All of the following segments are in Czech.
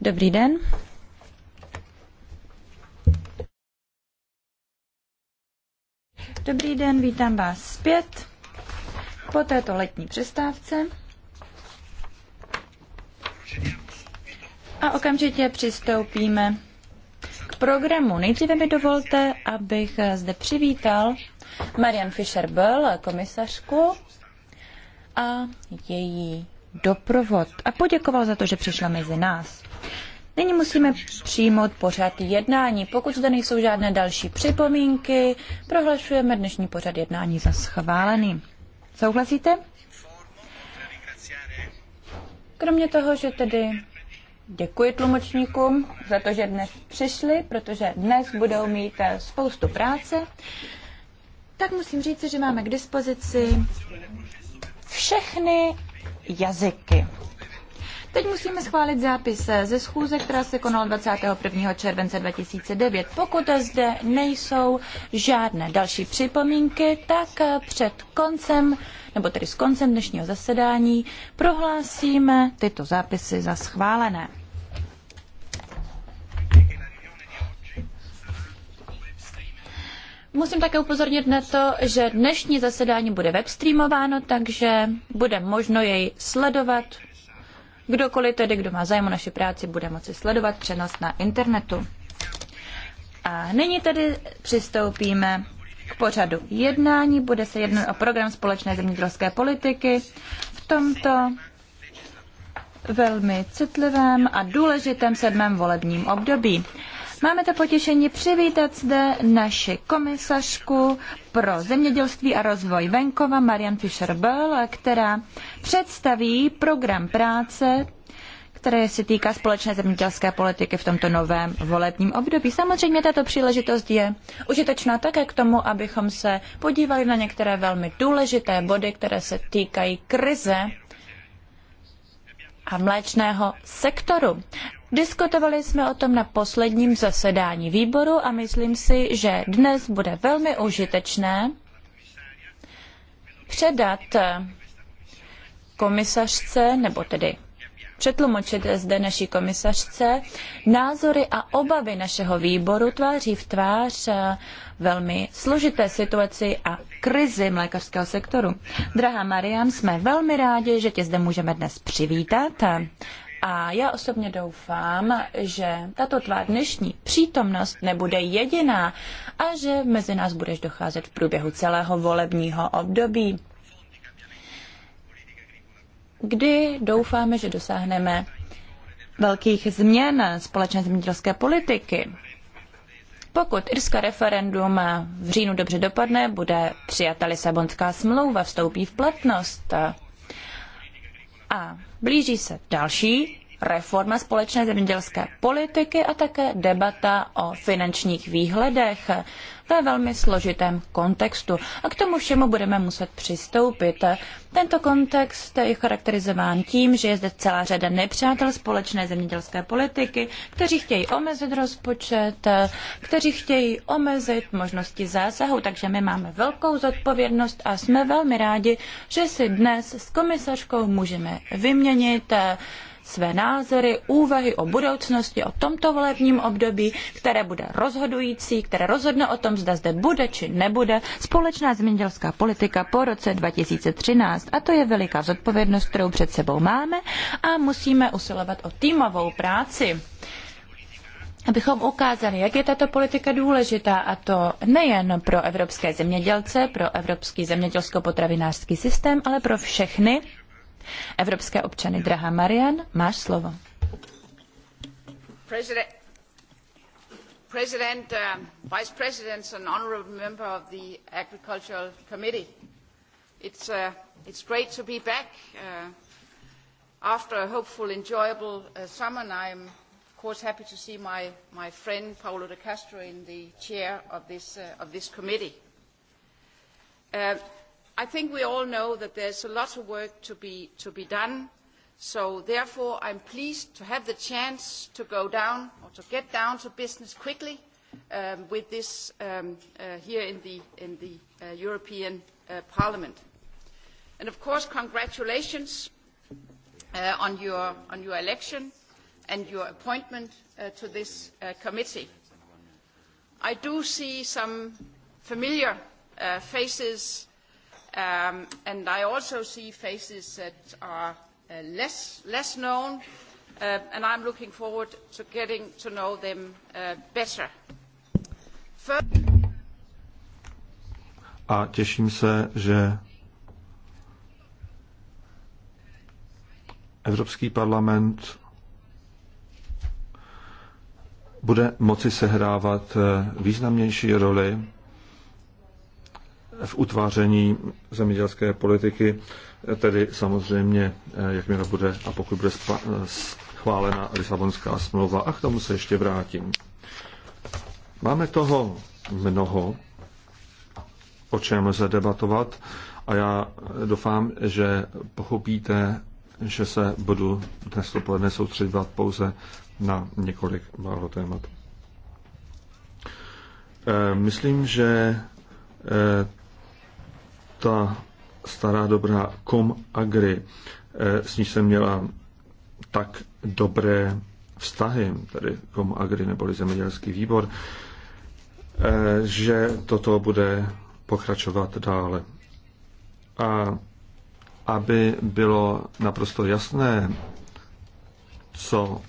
Dobrý den. Dobrý den, vítám vás zpět po této letní přestávce. A okamžitě přistoupíme k programu. Nejdříve mi dovolte, abych zde přivítal Marian Fischer-Böll, komisařku, a její doprovod a poděkoval za to, že přišla mezi nás. Nyní musíme přijmout pořad jednání. Pokud zde nejsou žádné další připomínky, prohlašujeme dnešní pořad jednání za schválený. Souhlasíte? Kromě toho, že tedy děkuji tlumočníkům za to, že dnes přišli, protože dnes budou mít eh, spoustu práce, tak musím říct, že máme k dispozici všechny jazyky. Teď musíme schválit zápis ze schůze, která se konala 21. července 2009. Pokud zde nejsou žádné další připomínky, tak před koncem, nebo tedy s koncem dnešního zasedání, prohlásíme tyto zápisy za schválené. Musím také upozornit na to, že dnešní zasedání bude webstreamováno, takže bude možno jej sledovat. Kdokoliv tedy, kdo má zájem o naši práci, bude moci sledovat přenos na internetu. A nyní tedy přistoupíme k pořadu jednání. Bude se jednat o program společné zemědělské politiky. V tomto velmi citlivém a důležitém sedmém volebním období. Máme to potěšení přivítat zde naši komisařku pro zemědělství a rozvoj venkova Marian Fischer-Bell, která představí program práce které se týká společné zemědělské politiky v tomto novém volebním období. Samozřejmě tato příležitost je užitečná také k tomu, abychom se podívali na některé velmi důležité body, které se týkají krize a mléčného sektoru. Diskutovali jsme o tom na posledním zasedání výboru a myslím si, že dnes bude velmi užitečné předat komisařce, nebo tedy přetlumočit zde naší komisařce názory a obavy našeho výboru tváří v tvář velmi složité situaci a krizi mlékařského sektoru. Drahá Marian, jsme velmi rádi, že tě zde můžeme dnes přivítat a já osobně doufám, že tato tvá dnešní přítomnost nebude jediná a že mezi nás budeš docházet v průběhu celého volebního období, kdy doufáme, že dosáhneme velkých změn společné zemědělské politiky. Pokud irské referendum v říjnu dobře dopadne, bude přijata Lisabonská smlouva, vstoupí v platnost. A blíží se další reforma společné zemědělské politiky a také debata o finančních výhledech ve velmi složitém kontextu. A k tomu všemu budeme muset přistoupit. Tento kontext je charakterizován tím, že je zde celá řada nepřátel společné zemědělské politiky, kteří chtějí omezit rozpočet, kteří chtějí omezit možnosti zásahu, takže my máme velkou zodpovědnost a jsme velmi rádi, že si dnes s komisařkou můžeme vyměnit své názory, úvahy o budoucnosti, o tomto volebním období, které bude rozhodující, které rozhodne o tom, zda zde bude či nebude společná zemědělská politika po roce 2013. A to je veliká zodpovědnost, kterou před sebou máme a musíme usilovat o týmovou práci abychom ukázali, jak je tato politika důležitá, a to nejen pro evropské zemědělce, pro evropský zemědělsko-potravinářský systém, ale pro všechny, evropské občany. Drahá Marian, máš slovo. President, President uh, Vice Presidents and honorable member of the Agricultural Committee. It's, uh, it's great to be back uh, after a hopeful, enjoyable uh, summer, and I'm Of course happy to see my, my friend Paolo De Castro in the chair of this, uh, of this committee. Uh, i think we all know that there's a lot of work to be, to be done. So therefore, I'm pleased to have the chance to go down or to get down to business quickly um, with this um, uh, here in the, in the uh, European uh, Parliament. And of course, congratulations uh, on, your, on your election and your appointment uh, to this uh, committee. I do see some familiar uh, faces Um, and I also see faces that are uh, less, less known, uh, and I'm looking forward to getting to know them uh, better. First... A těším se, že Evropský parlament bude moci sehrávat uh, významnější roli v utváření zemědělské politiky, tedy samozřejmě, eh, jakmile bude a pokud bude eh, schválena Lisabonská smlouva. A k tomu se ještě vrátím. Máme toho mnoho, o čem lze debatovat a já eh, doufám, že pochopíte, že se budu dnes dopoledne soustředovat pouze na několik málo témat. Myslím, že ta stará dobrá kom Agri, eh, s níž jsem měla tak dobré vztahy, tedy kom Agri neboli zemědělský výbor, eh, že toto bude pokračovat dále. A aby bylo naprosto jasné, co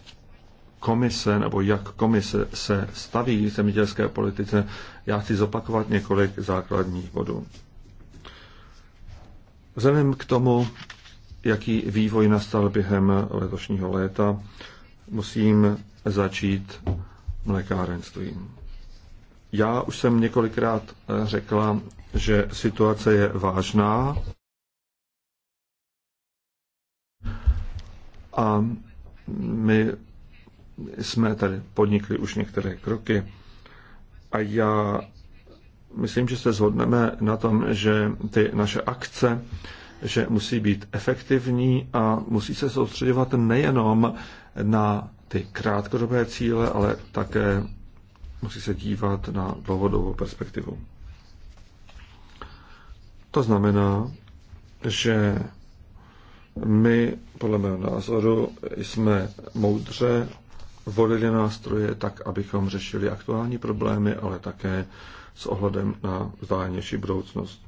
komise nebo jak komise se staví k zemědělské politice, já chci zopakovat několik základních bodů. Vzhledem k tomu, jaký vývoj nastal během letošního léta, musím začít mlékárenstvím. Já už jsem několikrát eh, řekla, že situace je vážná a my jsme tady podnikli už některé kroky a já myslím, že se zhodneme na tom, že ty naše akce že musí být efektivní a musí se soustředovat nejenom na ty krátkodobé cíle, ale také musí se dívat na dlouhodobou perspektivu. To znamená, že my, podle mého názoru, jsme moudře volili nástroje tak, abychom řešili aktuální problémy, ale také s ohledem na vzdálenější budoucnost.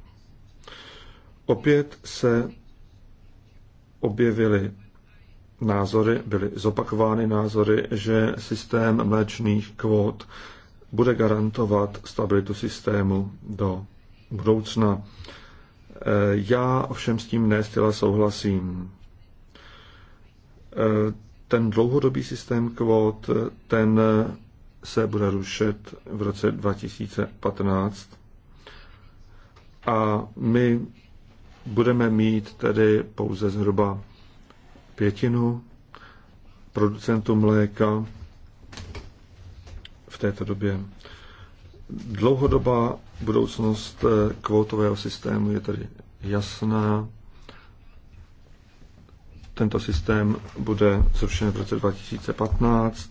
Opět se objevily názory, byly zopakovány názory, že systém mléčných kvót bude garantovat stabilitu systému do budoucna. Eh, já ovšem s tím nestila souhlasím. Eh, ten dlouhodobý systém kvót, ten se bude rušet v roce 2015 a my budeme mít tedy pouze zhruba pětinu producentů mléka v této době. Dlouhodobá budoucnost eh, kvótového systému je tedy jasná. Tento systém bude zrušen v roce 2015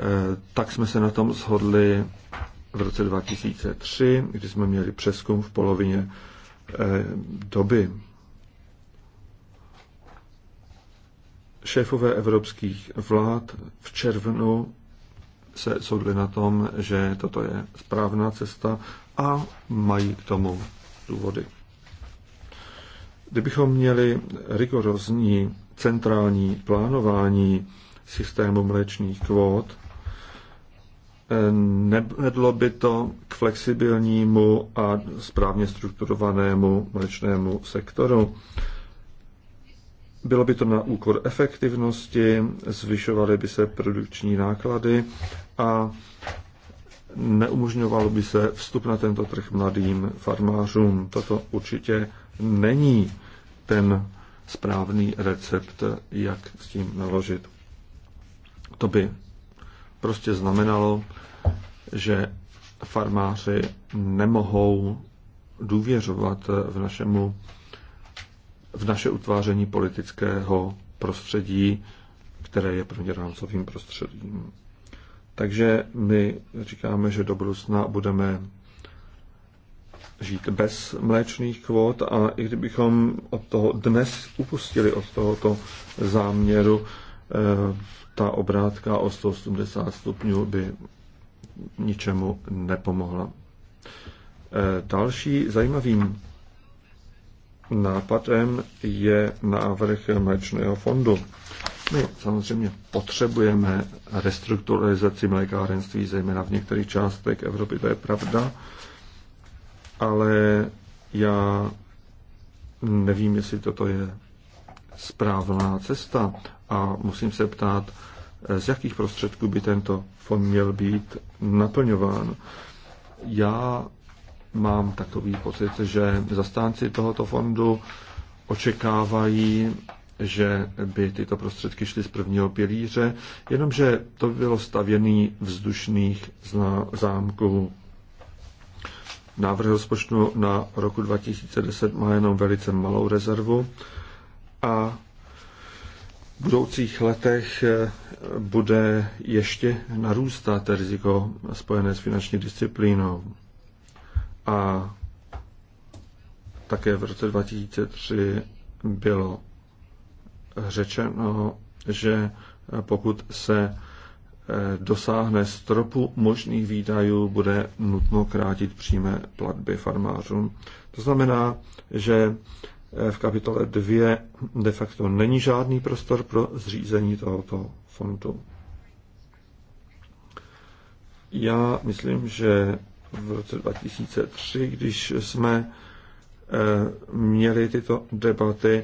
Eh, tak jsme se na tom shodli v roce 2003, kdy jsme měli přeskum v polovině eh, doby. Šéfové evropských vlád v červnu se shodli na tom, že toto je správná cesta a mají k tomu důvody. Kdybychom měli rigorózní centrální plánování systému mléčných kvót, nevedlo by to k flexibilnímu a správně strukturovanému mlečnému sektoru. Bylo by to na úkor efektivnosti, zvyšovaly by se produkční náklady a neumožňovalo by se vstup na tento trh mladým farmářům. Toto určitě není ten správný recept, jak s tím naložit. To by prostě znamenalo, že farmáři nemohou důvěřovat v, našemu, v naše utváření politického prostředí, které je prvně rámcovým prostředím. Takže my říkáme, že do budoucna budeme žít bez mléčných kvót a i kdybychom od toho dnes upustili od tohoto záměru, eh, ta obrátka o 180 stupňů by ničemu nepomohla. E, další zajímavým nápadem je návrh mléčného fondu. My samozřejmě potřebujeme restrukturalizaci mlékárenství, zejména v některých částech Evropy, to je pravda, ale já nevím, jestli toto je správná cesta a musím se ptát, z jakých prostředků by tento fond měl být naplňován. Já mám takový pocit, že zastánci tohoto fondu očekávají, že by tyto prostředky šly z prvního pilíře, jenomže to by bylo stavěný vzdušných zámků. Návrh rozpočtu na roku 2010 má jenom velice malou rezervu a budoucích letech eh, bude ještě narůstat riziko spojené s finanční disciplínou. A také v roce 2003 bylo řečeno, že pokud se eh, dosáhne stropu možných výdajů, bude nutno krátit přímé platby farmářům. To znamená, že v kapitole 2 de facto není žádný prostor pro zřízení tohoto fondu. Já myslím, že v roce 2003, když jsme eh, měli tyto debaty,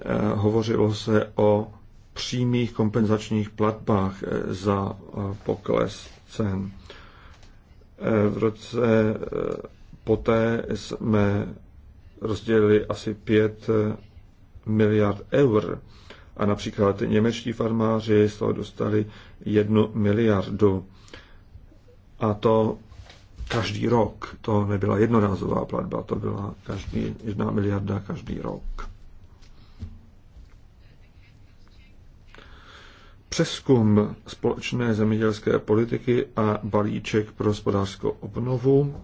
eh, hovořilo se o přímých kompenzačních platbách eh, za pokles cen. V roce poté jsme rozdělili asi 5 eh, miliard eur. A například němečtí farmáři z toho dostali jednu miliardu. A to každý rok. To nebyla jednorázová platba, to byla každý, jedna miliarda každý rok. Přeskum společné zemědělské politiky a balíček pro hospodářskou obnovu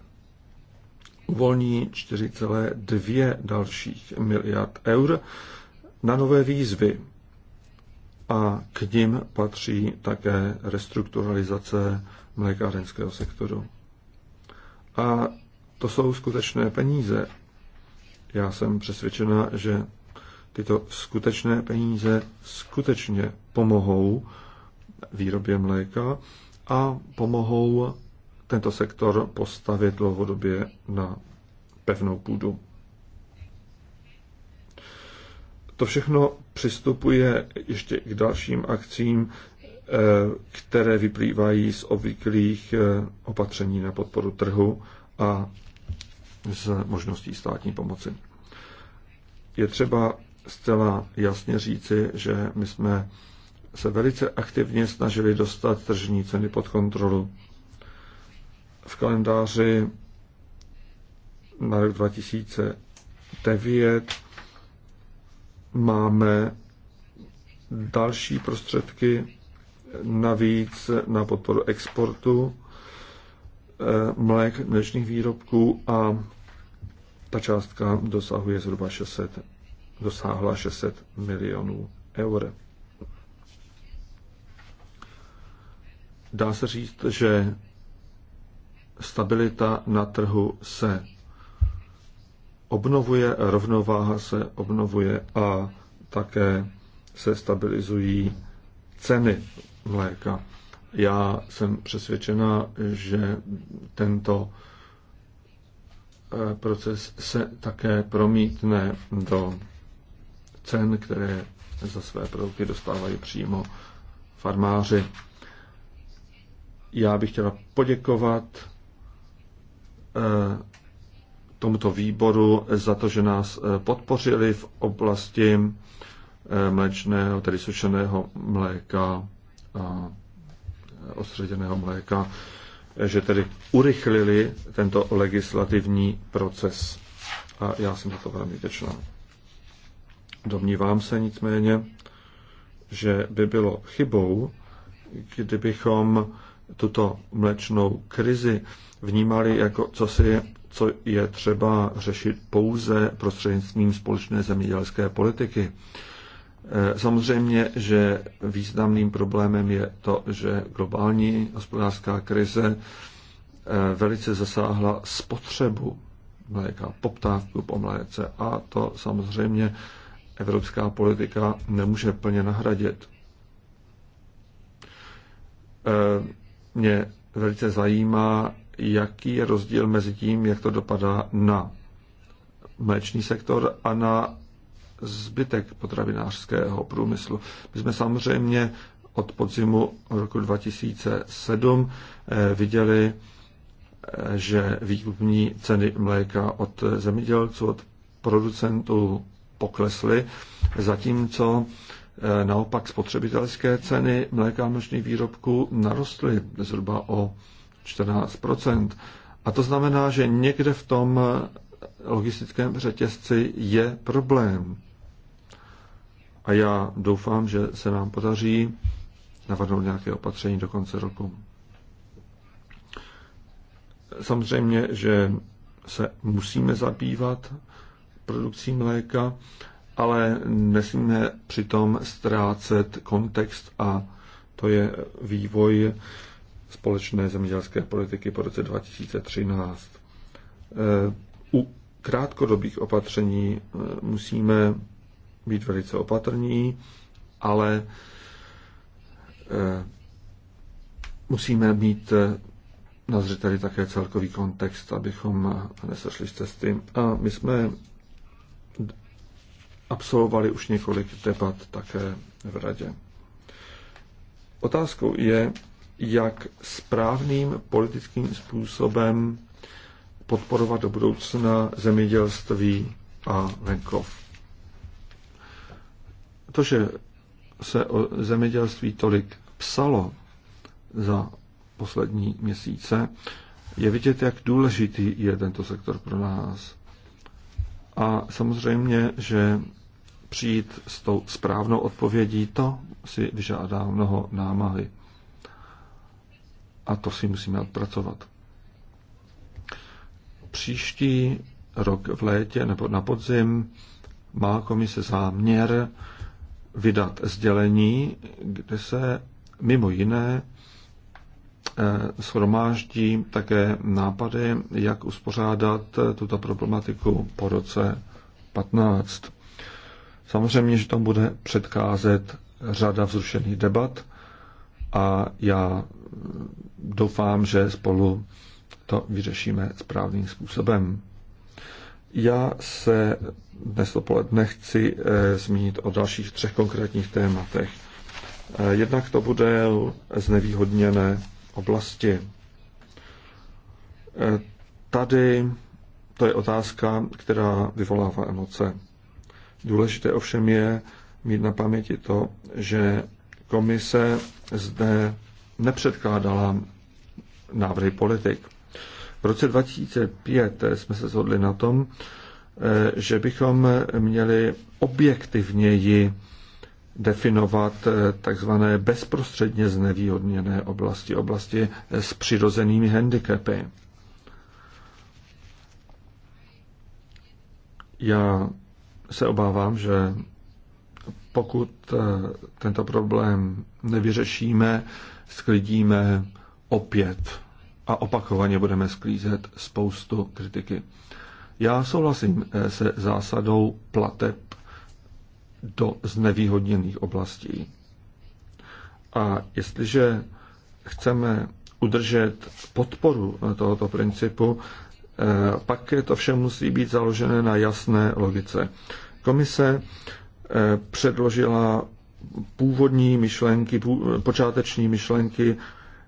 uvolní 4,2 dalších miliard eur na nové výzvy. A k nim patří také restrukturalizace mlékárenského sektoru. A to jsou skutečné peníze. Já jsem přesvědčena, že tyto skutečné peníze skutečně pomohou výrobě mléka a pomohou tento sektor postavit dlouhodobě na pevnou půdu. To všechno přistupuje ještě k dalším akcím, eh, které vyplývají z obvyklých eh, opatření na podporu trhu a z možností státní pomoci. Je třeba zcela jasně říci, že my jsme se velice aktivně snažili dostat tržní ceny pod kontrolu v kalendáři na rok 2009 máme další prostředky navíc na podporu exportu eh, mlek mlečných výrobků a ta částka dosahuje zhruba 600, dosáhla 600 milionů eur. Dá se říct, že stabilita na trhu se obnovuje, rovnováha se obnovuje a také se stabilizují ceny mléka. Já jsem přesvědčena, že tento eh, proces se také promítne do cen, které za své produkty dostávají přímo farmáři. Já bych chtěla poděkovat Eh, tomuto výboru za to, že nás eh, podpořili v oblasti eh, mléčného, tedy sušeného mléka a ostředěného mléka, že tedy urychlili tento legislativní proces. A já jsem za to velmi vděčná. Domnívám se nicméně, že by bylo chybou, kdybychom tuto mlečnou krizi vnímali jako co, si, co je třeba řešit pouze prostřednictvím společné zemědělské politiky. E, samozřejmě, že významným problémem je to, že globální hospodářská krize e, velice zasáhla spotřebu mléka, poptávku po mléce a to samozřejmě evropská politika nemůže plně nahradit. E, mě velice zajímá, jaký je rozdíl mezi tím, jak to dopadá na mléčný sektor a na zbytek potravinářského průmyslu. My jsme samozřejmě od podzimu roku 2007 eh, viděli, eh, že výkupní ceny mléka od zemědělců, od producentů poklesly, zatímco Eh, naopak spotřebitelské ceny mléka a mlečných výrobků narostly zhruba o 14 A to znamená, že někde v tom eh, logistickém řetězci je problém. A já doufám, že se nám podaří navrhnout nějaké opatření do konce roku. Samozřejmě, že se musíme zabývat produkcí mléka ale nesmíme přitom ztrácet kontext a to je vývoj společné zemědělské politiky po roce 2013. Eh, u krátkodobých opatření eh, musíme být velice opatrní, ale eh, musíme mít na zřeteli také celkový kontext, abychom nesešli z cesty. A my jsme absolvovali už několik debat také v radě. Otázkou je, jak správným politickým způsobem podporovat do budoucna zemědělství a venkov. To, že se o zemědělství tolik psalo za poslední měsíce, je vidět, jak důležitý je tento sektor pro nás. A samozřejmě, že přijít s tou správnou odpovědí, to si vyžádá mnoho námahy. A to si musíme odpracovat. Příští rok v létě nebo na podzim má komise záměr vydat sdělení, kde se mimo jiné eh, shromáždí také nápady, jak uspořádat tuto problematiku po roce 15. Samozřejmě, že tam bude předcházet řada vzrušených debat a já doufám, že spolu to vyřešíme správným způsobem. Já se dnes dopoledne chci eh, zmínit o dalších třech konkrétních tématech. Eh, jednak to bude znevýhodněné oblasti. Eh, tady to je otázka, která vyvolává emoce. Důležité ovšem je mít na paměti to, že komise zde nepředkládala návrhy politik. V roce 2005 jsme se shodli na tom, eh, že bychom měli objektivněji definovat eh, takzvané bezprostředně znevýhodněné oblasti, oblasti s přirozenými handicapy. Já se obávám, že pokud eh, tento problém nevyřešíme, sklidíme opět a opakovaně budeme sklízet spoustu kritiky. Já souhlasím eh, se zásadou plateb do znevýhodněných oblastí. A jestliže chceme udržet podporu tohoto principu, Eh, pak to vše musí být založené na jasné logice. Komise eh, předložila původní myšlenky, počáteční myšlenky,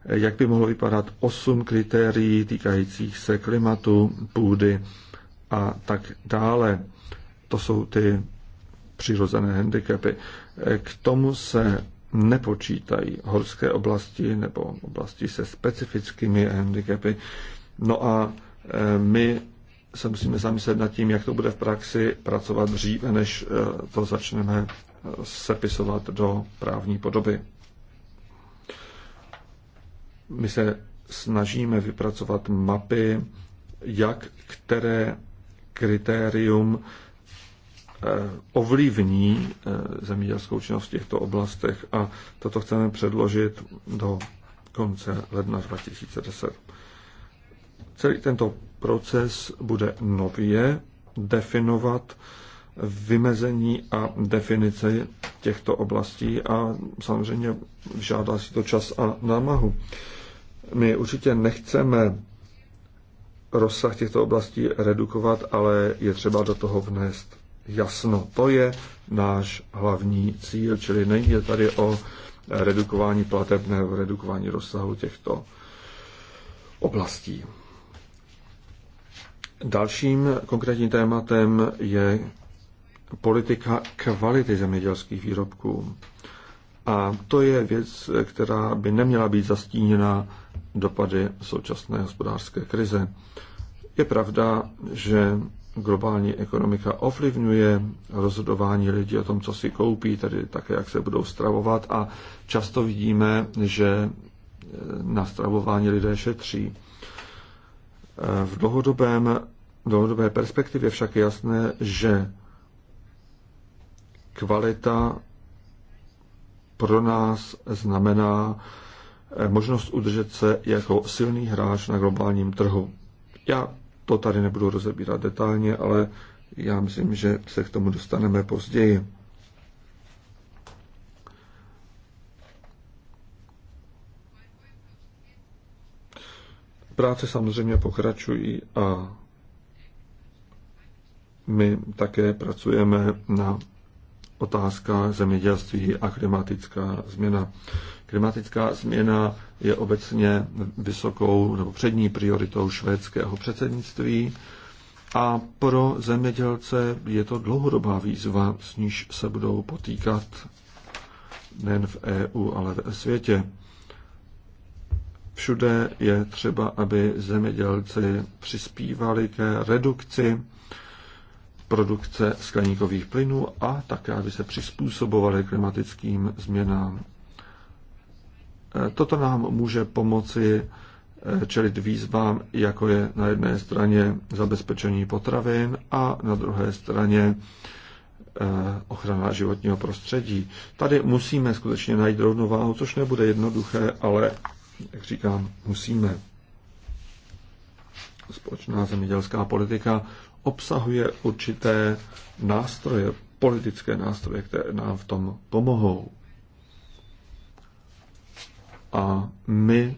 eh, jak by mohlo vypadat osm kritérií týkajících se klimatu, půdy a tak dále. To jsou ty přirozené handicapy. K tomu se nepočítají horské oblasti nebo oblasti se specifickými handicapy. No a Eh, my se musíme zamyslet nad tím, jak to bude v praxi pracovat dříve, než eh, to začneme eh, sepisovat do právní podoby. My se snažíme vypracovat mapy, jak které kritérium ovlivní zemědělskou činnost v těchto oblastech a toto chceme předložit do konce ledna 2010. Celý tento proces bude nově definovat vymezení a definice těchto oblastí a samozřejmě žádá si to čas a námahu. My určitě nechceme rozsah těchto oblastí redukovat, ale je třeba do toho vnést jasno. To je náš hlavní cíl, čili nejde tady o redukování plateb nebo redukování rozsahu těchto oblastí. Dalším konkrétním tématem je politika kvality zemědělských výrobků. A to je věc, která by neměla být zastíněna dopady současné hospodářské krize. Je pravda, že globální ekonomika ovlivňuje rozhodování lidí o tom, co si koupí, tedy také, jak se budou stravovat a často vidíme, že na stravování lidé šetří. V dlouhodobém dlouhodobé perspektivě však je jasné, že kvalita pro nás znamená eh, možnost udržet se jako silný hráč na globálním trhu. Já to tady nebudu rozebírat detailně, ale já myslím, že se k tomu dostaneme později. Práce samozřejmě pokračují a my také pracujeme na otázka zemědělství a klimatická změna. Klimatická změna je obecně vysokou nebo přední prioritou švédského předsednictví a pro zemědělce je to dlouhodobá výzva, s níž se budou potýkat nejen v EU, ale ve světě. Všude je třeba, aby zemědělci přispívali ke redukci produkce skleníkových plynů a také, aby se přizpůsobovaly klimatickým změnám. E, toto nám může pomoci e, čelit výzvám, jako je na jedné straně zabezpečení potravin a na druhé straně e, ochrana životního prostředí. Tady musíme skutečně najít rovnováhu, což nebude jednoduché, ale, jak říkám, musíme společná zemědělská politika obsahuje určité nástroje, politické nástroje, které nám v tom pomohou. A my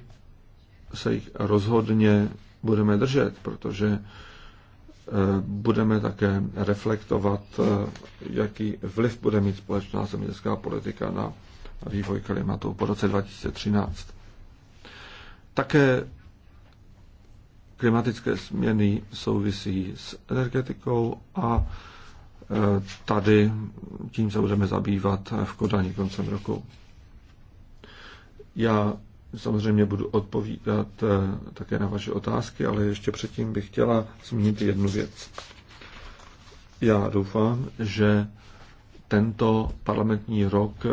se jich rozhodně budeme držet, protože eh, budeme také reflektovat, eh, jaký vliv bude mít společná zemědělská politika na vývoj klimatu po roce 2013. Také klimatické změny souvisí s energetikou a e, tady tím se budeme zabývat v Kodani koncem roku. Já samozřejmě budu odpovídat e, také na vaše otázky, ale ještě předtím bych chtěla zmínit jednu věc. Já doufám, že tento parlamentní rok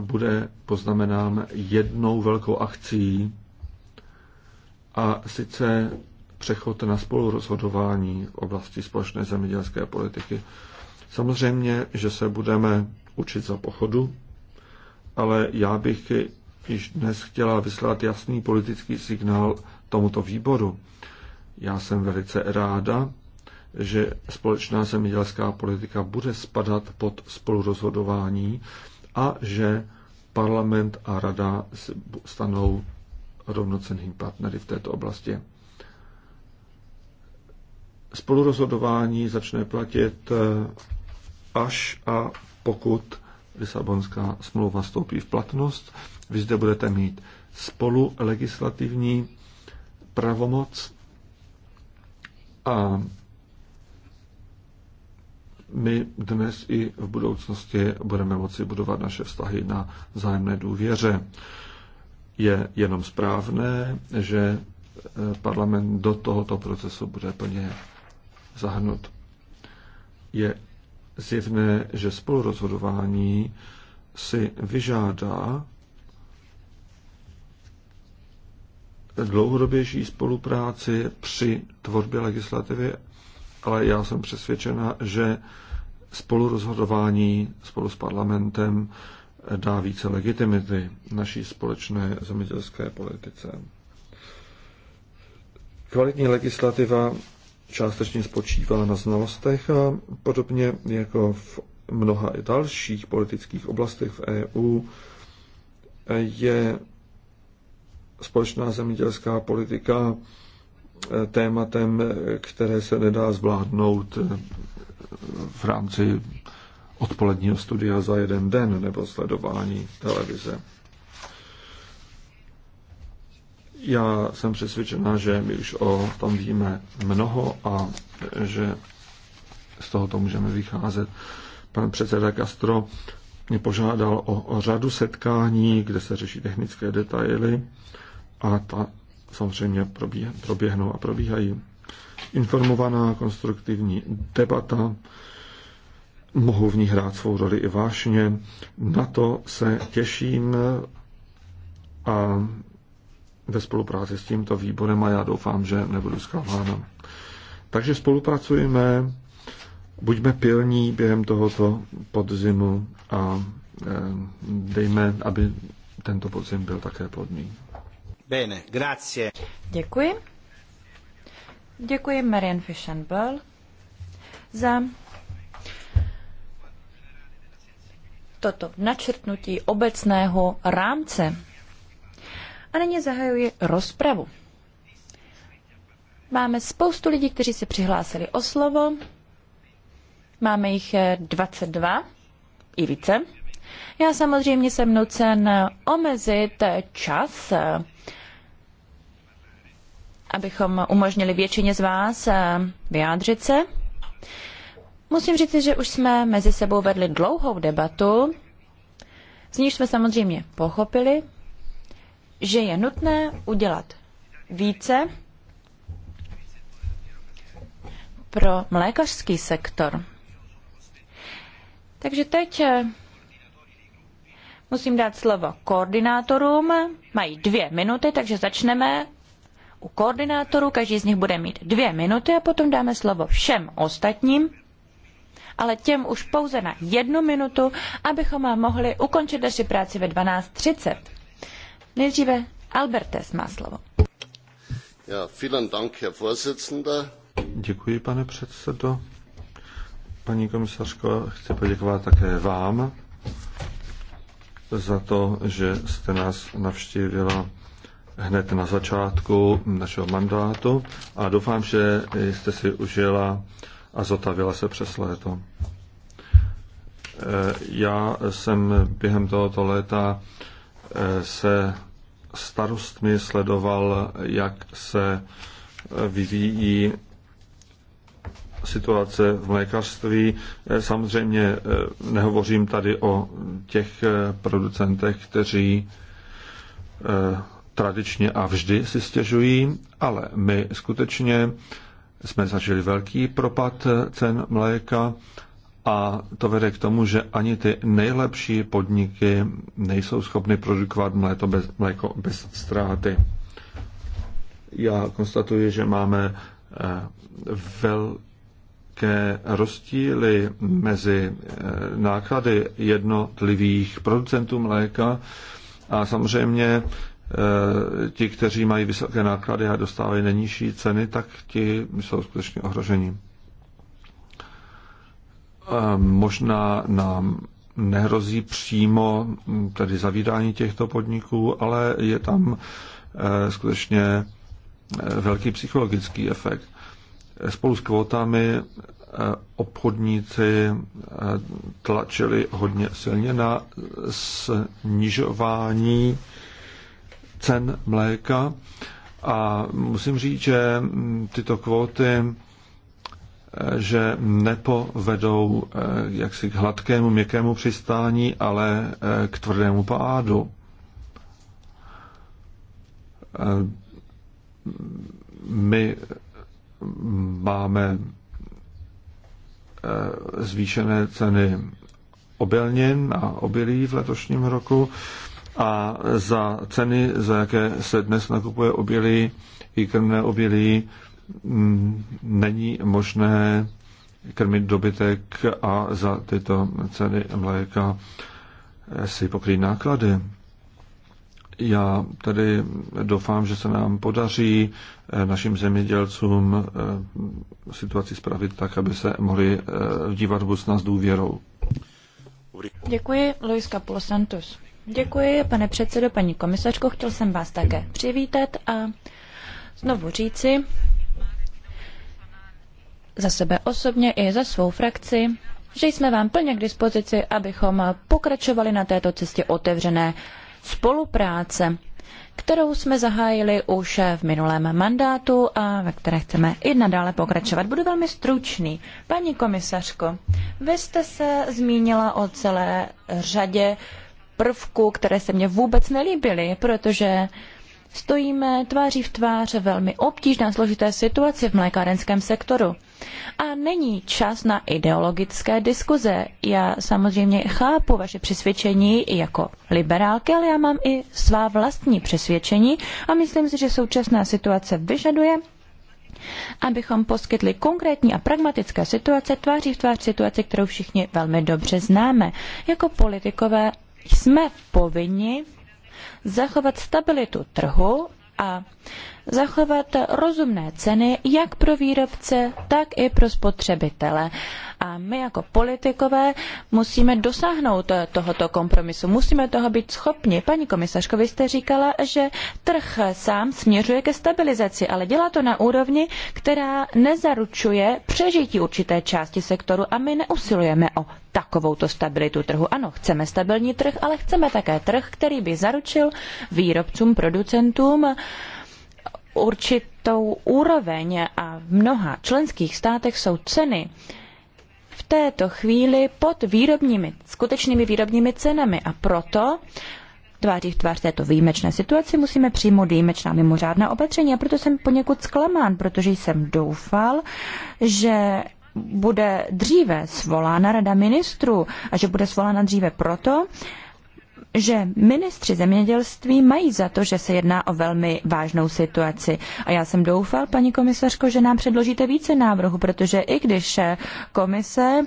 bude poznamenán jednou velkou akcí a sice přechod na spolurozhodování v oblasti společné zemědělské politiky. Samozřejmě, že se budeme učit za pochodu, ale já bych již dnes chtěla vyslat jasný politický signál tomuto výboru. Já jsem velice ráda, že společná zemědělská politika bude spadat pod spolurozhodování a že parlament a rada stanou rovnocenými partnery v této oblasti. Spolurozhodování začne platit eh, až a pokud Lisabonská smlouva vstoupí v platnost. Vy zde budete mít spolu legislativní pravomoc a my dnes i v budoucnosti budeme moci budovat naše vztahy na zájemné důvěře je jenom správné, že eh, parlament do tohoto procesu bude plně zahrnut. Je zjevné, že spolurozhodování si vyžádá dlouhodobější spolupráci při tvorbě legislativy, ale já jsem přesvědčena, že spolurozhodování spolu s parlamentem dá více legitimity naší společné zemědělské politice. Kvalitní legislativa částečně spočívá na znalostech a podobně jako v mnoha i dalších politických oblastech v EU je společná zemědělská politika eh, tématem, které se nedá zvládnout eh, v rámci odpoledního studia za jeden den nebo sledování televize. Já jsem přesvědčená, že my už o tom víme mnoho a že z tohoto můžeme vycházet. Pan předseda Castro mě požádal o, o řadu setkání, kde se řeší technické detaily a ta samozřejmě probíh, proběhnou a probíhají. Informovaná konstruktivní debata mohou v ní hrát svou roli i vášně. Na to se těším a ve spolupráci s tímto výborem a já doufám, že nebudu zklamána. Takže spolupracujeme, buďme pilní během tohoto podzimu a eh, dejme, aby tento podzim byl také plodný. Bene, grazie. Děkuji. Děkuji Marian Fischenbel za toto načrtnutí obecného rámce. A nyní zahajuji rozpravu. Máme spoustu lidí, kteří se přihlásili o slovo. Máme jich 22 eh, i více. Já samozřejmě jsem nucen omezit eh, čas, eh, abychom umožnili většině z vás vyjádřit se. Musím říct, že už jsme mezi sebou vedli dlouhou debatu, z níž jsme samozřejmě pochopili, že je nutné udělat více pro mlékařský sektor. Takže teď eh, musím dát slovo koordinátorům. Mají dvě minuty, takže začneme u koordinátorů. Každý z nich bude mít dvě minuty a potom dáme slovo všem ostatním ale těm už pouze na jednu minutu, abychom mohli ukončit naši práci ve 12.30. Nejdříve Albertes má slovo. Ja, vielen Dank, Herr Vorsitzender. Děkuji, pane předsedo. Paní komisařko, chci poděkovat také vám za to, že jste nás navštívila hned na začátku našeho mandátu a doufám, že jste si užila a zotavila se přes léto. E, já jsem během tohoto léta e, se starostmi sledoval, jak se vyvíjí situace v mlékařství. E, samozřejmě nehovořím tady o těch producentech, kteří tradičně a vždy si stěžují, ale my skutečně jsme zažili velký propad cen mléka a to vede k tomu, že ani ty nejlepší podniky nejsou schopny produkovat mléko bez, mléko bez ztráty. Já konstatuji, že máme eh, velké rozdíly mezi eh, náklady jednotlivých producentů mléka a samozřejmě Eh, ti, kteří mají vysoké náklady a dostávají nejnižší ceny, tak ti jsou skutečně ohroženi. Eh, možná nám nehrozí přímo hm, tedy zavídání těchto podniků, ale je tam eh, skutečně velký psychologický efekt. Spolu s kvótami obchodníci tlačili hodně silně na snižování cen mléka a musím říct, že tyto kvóty že nepovedou eh, jaksi k hladkému, měkkému přistání, ale eh, k tvrdému pádu. Eh, my máme zvýšené ceny obilnin a obilí v letošním roku a za ceny, za jaké se dnes nakupuje obilí i krmné obilí, mm, není možné krmit dobytek a za tyto ceny mléka si pokrýt náklady. Já tady doufám, že se nám podaří eh, našim zemědělcům eh, situaci spravit tak, aby se mohli eh, dívat v s důvěrou. Děkuji, Luis Santos. Děkuji, pane předsedo, paní komisařko. Chtěl jsem vás také přivítat a znovu říci za sebe osobně i za svou frakci, že jsme vám plně k dispozici, abychom pokračovali na této cestě otevřené spolupráce, kterou jsme zahájili už v minulém mandátu a ve které chceme i nadále pokračovat. Budu velmi stručný. Paní komisařko, vy jste se zmínila o celé řadě prvků, které se mně vůbec nelíbily, protože stojíme tváří v tvář velmi obtížné složité situaci v mlékárenském sektoru. A není čas na ideologické diskuze. Já samozřejmě chápu vaše přesvědčení i jako liberálky, ale já mám i svá vlastní přesvědčení a myslím si, že současná situace vyžaduje, abychom poskytli konkrétní a pragmatické situace tváří v tvář situaci, kterou všichni velmi dobře známe. Jako politikové jsme povinni zachovat stabilitu trhu a zachovat rozumné ceny jak pro výrobce, tak i pro spotřebitele. A my jako politikové musíme dosáhnout tohoto kompromisu, musíme toho být schopni. Paní komisařko, vy jste říkala, že trh sám směřuje ke stabilizaci, ale dělá to na úrovni, která nezaručuje přežití určité části sektoru a my neusilujeme o takovouto stabilitu trhu. Ano, chceme stabilní trh, ale chceme také trh, který by zaručil výrobcům, producentům, určitou úroveň a v mnoha členských státech jsou ceny v této chvíli pod výrobními, skutečnými výrobními cenami a proto tváří v tvář této výjimečné situaci musíme přijmout výjimečná mimořádná opatření a proto jsem poněkud zklamán, protože jsem doufal, že bude dříve svolána rada ministrů a že bude svolána dříve proto, že ministři zemědělství mají za to, že se jedná o velmi vážnou situaci. A já jsem doufal, paní komisařko, že nám předložíte více návrhu, protože i když komise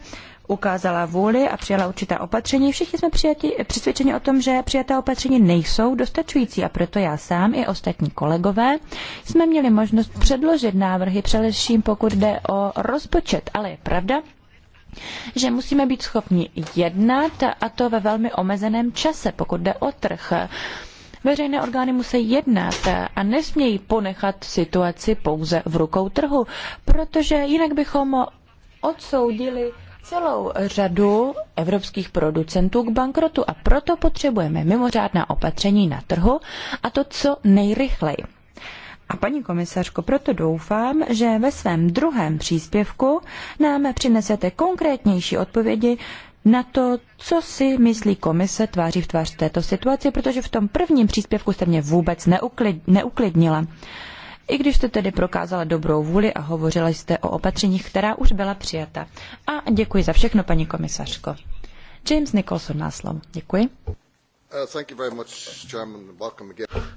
ukázala vůli a přijala určitá opatření. Všichni jsme přijati, přesvědčeni o tom, že přijatá opatření nejsou dostačující a proto já sám i ostatní kolegové jsme měli možnost předložit návrhy, především pokud jde o rozpočet. Ale je pravda, že musíme být schopni jednat a to ve velmi omezeném čase, pokud jde o trh. Veřejné orgány musí jednat a nesmějí ponechat situaci pouze v rukou trhu, protože jinak bychom odsoudili celou řadu evropských producentů k bankrotu a proto potřebujeme mimořádná opatření na trhu a to co nejrychleji. A paní komisařko, proto doufám, že ve svém druhém příspěvku nám přinesete konkrétnější odpovědi na to, co si myslí komise tváří v tvář této situaci, protože v tom prvním příspěvku jste mě vůbec neuklid, neuklidnila. I když jste tedy prokázala dobrou vůli a hovořila jste o opatřeních, která už byla přijata. A děkuji za všechno, paní komisařko. James Nicholson náslov. Děkuji. Uh,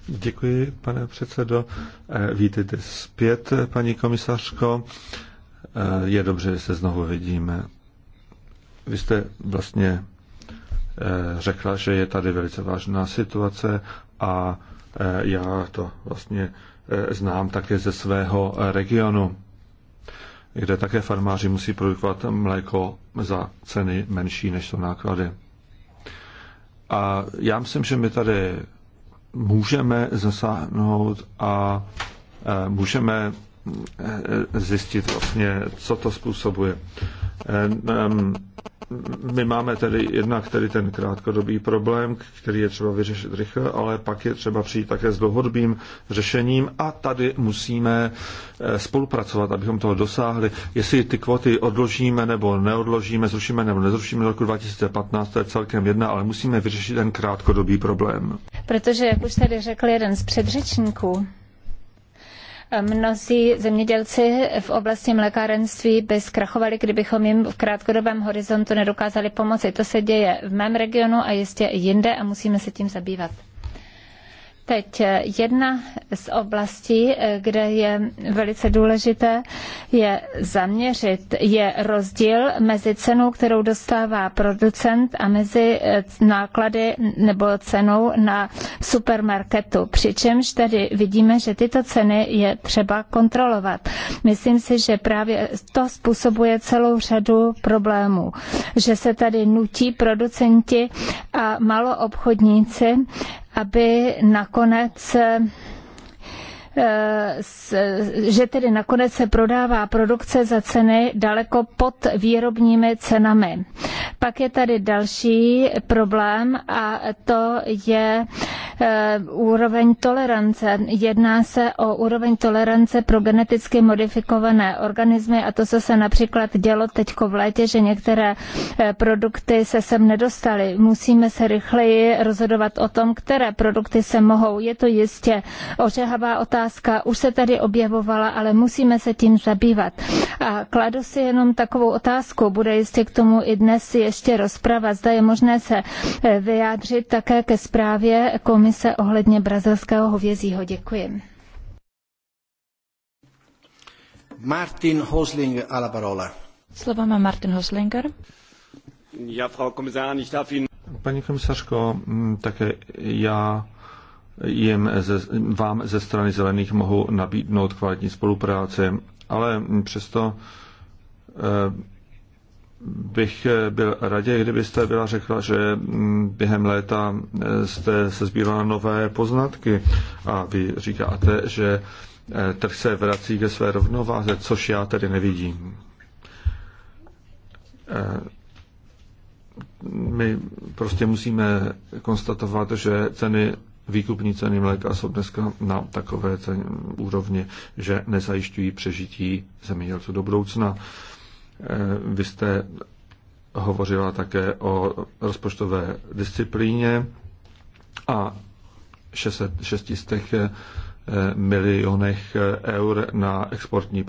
Děkuji, pane předsedo. Eh, vítejte zpět, paní komisařko. Eh, je dobře, že se znovu vidíme. Vy jste vlastně eh, řekla, že je tady velice vážná situace a já to vlastně znám také ze svého regionu, kde také farmáři musí produkovat mléko za ceny menší než jsou náklady. A já myslím, že my tady můžeme zasáhnout a e, můžeme e, e, zjistit vlastně, co to způsobuje my máme tedy jednak tedy ten krátkodobý problém, který je třeba vyřešit rychle, ale pak je třeba přijít také s dlouhodobým řešením a tady musíme eh, spolupracovat, abychom toho dosáhli. Jestli ty kvoty odložíme nebo neodložíme, zrušíme nebo nezrušíme do roku 2015, to je celkem jedna, ale musíme vyřešit ten krátkodobý problém. Protože, jak už tady řekl jeden z předřečníků, Mnozí zemědělci v oblasti mlékárenství by zkrachovali, kdybychom jim v krátkodobém horizontu nedokázali pomoci. To se děje v mém regionu a jistě i jinde a musíme se tím zabývat. Teď jedna z oblastí, kde je velice důležité, je zaměřit, je rozdíl mezi cenou, kterou dostává producent a mezi eh, náklady nebo cenou na supermarketu. Přičemž tady vidíme, že tyto ceny je třeba kontrolovat. Myslím si, že právě to způsobuje celou řadu problémů, že se tady nutí producenti a maloobchodníci aby nakonec Eh, že tedy nakonec se prodává produkce za ceny daleko pod výrobními cenami. Pak je tady další problém a to je eh, úroveň tolerance. Jedná se o úroveň tolerance pro geneticky modifikované organismy a to, co se například dělo teď v létě, že některé eh, produkty se sem nedostaly. Musíme se rychleji rozhodovat o tom, které produkty se mohou. Je to jistě ořehavá otázka, otázka už se tady objevovala, ale musíme se tím zabývat. A kladu si jenom takovou otázku, bude jistě k tomu i dnes ještě rozprava, zda je možné se eh, vyjádřit také ke zprávě komise ohledně brazilského hovězího. Děkuji. Martin Hoslinger, a la parola. Slovo má Martin Hoslinger. Ja, Frau Kommissarin, ich darf Ihnen... Paní komisařko, také já jim ze, vám ze strany zelených mohu nabídnout kvalitní spolupráci, ale přesto eh, bych eh, byl raději, kdybyste byla řekla, že mm, během léta eh, jste se sbírala nové poznatky a vy říkáte, že trh se vrací ke své rovnováze, což já tedy nevidím. My prostě musíme konstatovat, že ceny Výkupní ceny mléka jsou dneska na takové ceně, úrovni, že nezajišťují přežití zemědělců do budoucna. E, vy jste hovořila také o rozpočtové disciplíně a 600 e, milionech e, eur na exportní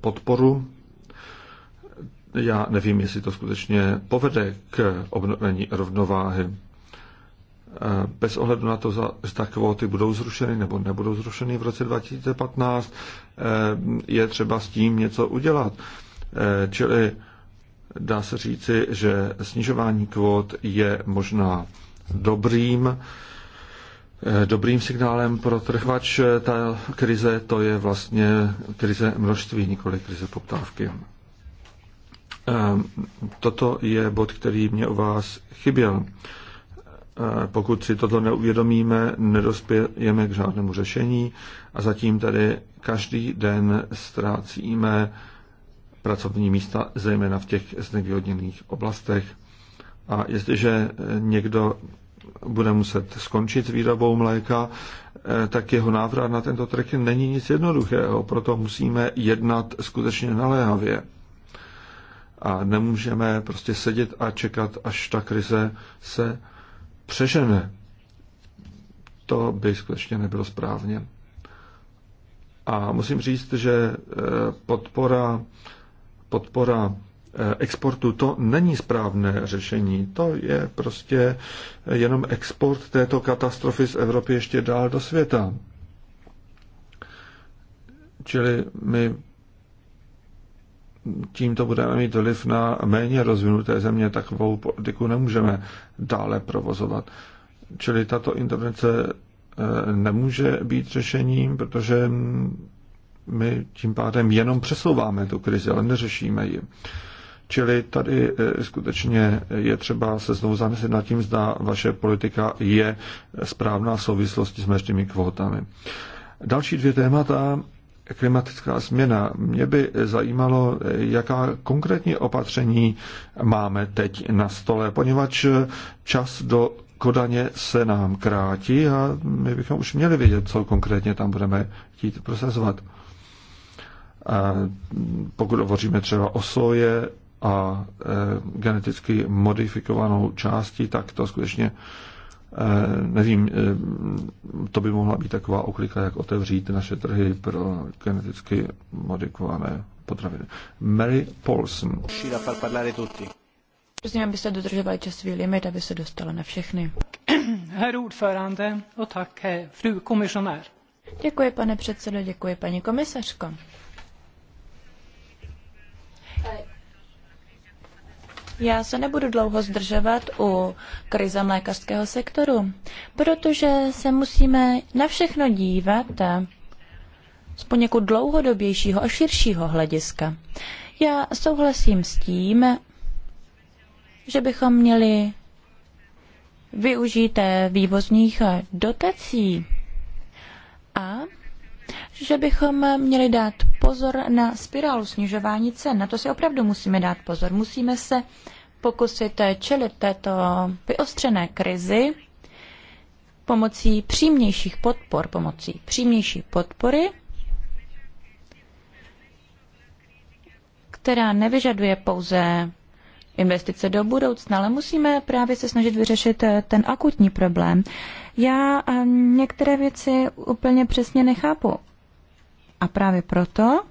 podporu. Já nevím, jestli to skutečně povede k obnovení rovnováhy. Eh, bez ohledu na to, zda kvóty budou zrušeny nebo nebudou zrušeny v roce 2015, eh, je třeba s tím něco udělat. Eh, čili dá se říci, že snižování kvót je možná dobrým, dobrým signálem pro trhvač. Ta krize to je vlastně krize množství, nikoli krize poptávky. Toto je bod, který mě u vás chyběl pokud si toto neuvědomíme, nedospějeme k žádnému řešení a zatím tedy každý den ztrácíme pracovní místa, zejména v těch znevýhodněných oblastech. A jestliže někdo bude muset skončit s výrobou mléka, eh, tak jeho návrat na tento trh není nic jednoduchého, proto musíme jednat skutečně naléhavě. A nemůžeme prostě sedět a čekat, až ta krize se přežene. To by skutečně nebylo správně. A musím říct, že eh, podpora, podpora eh, exportu, to není správné řešení. To je prostě jenom export této katastrofy z Evropy ještě dál do světa. Čili my tímto budeme mít vliv na méně rozvinuté země, takovou politiku nemůžeme dále provozovat. Čili tato intervence eh, nemůže být řešením, protože my tím pádem jenom přesouváme tu krizi, ale neřešíme ji. Čili tady eh, skutečně je třeba se znovu zamyslet nad tím, zda vaše politika je správná v souvislosti s těmi kvótami. Další dvě témata klimatická změna. Mě by zajímalo, jaká konkrétní opatření máme teď na stole, poněvadž čas do Kodaně se nám krátí a my bychom už měli vědět, co konkrétně tam budeme chtít prosazovat. A pokud hovoříme třeba o soje a e, geneticky modifikovanou části, tak to skutečně Eh, nevím, eh, to by mohla být taková oklika, jak otevřít naše trhy pro geneticky modifikované potraviny. Mary Paulson. Prosím, abyste dodržovali časový limit, aby se dostalo na všechny. Herr ordförande och tack eh, fru kommissionär. Děkuji, pane předsedo, děkuji, paní komisařko. Já se nebudu dlouho zdržovat u krize mlékařského sektoru, protože se musíme na všechno dívat z poněkud dlouhodobějšího a širšího hlediska. Já souhlasím s tím, že bychom měli využít vývozních dotací a že bychom měli dát pozor na spirálu snižování cen. Na to si opravdu musíme dát pozor. Musíme se pokusit čelit této vyostřené krizi pomocí přímějších podpor, pomocí přímější podpory, která nevyžaduje pouze investice do budoucna, ale musíme právě se snažit vyřešit ten akutní problém. Já eh, některé věci úplně přesně nechápu. A právě proto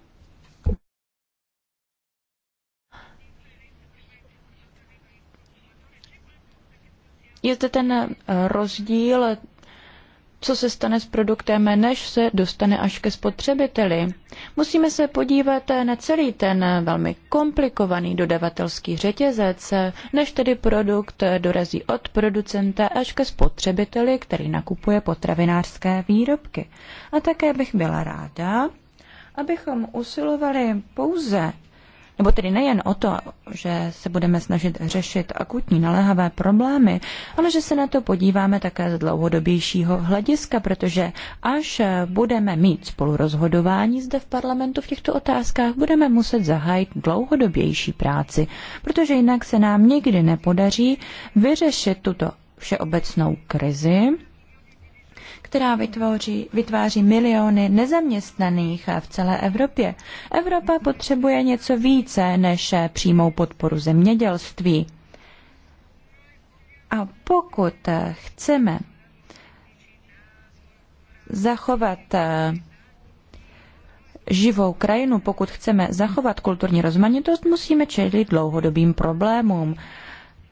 je to ten eh, rozdíl, co se stane s produktem, než se dostane až ke spotřebiteli. Musíme se podívat na celý ten eh, velmi komplikovaný dodavatelský řetězec, eh, než tedy produkt dorazí od producenta až ke spotřebiteli, který nakupuje potravinářské výrobky. A také bych byla ráda, abychom usilovali pouze, nebo tedy nejen o to, že se budeme snažit řešit akutní naléhavé problémy, ale že se na to podíváme také z dlouhodobějšího hlediska, protože až budeme mít spolurozhodování zde v parlamentu v těchto otázkách, budeme muset zahájit dlouhodobější práci, protože jinak se nám nikdy nepodaří vyřešit tuto všeobecnou krizi, která vytvoří, vytváří miliony nezaměstnaných v celé Evropě. Evropa potřebuje něco více než přímou podporu zemědělství. A pokud chceme zachovat eh, živou krajinu, pokud chceme zachovat kulturní rozmanitost, musíme čelit dlouhodobým problémům.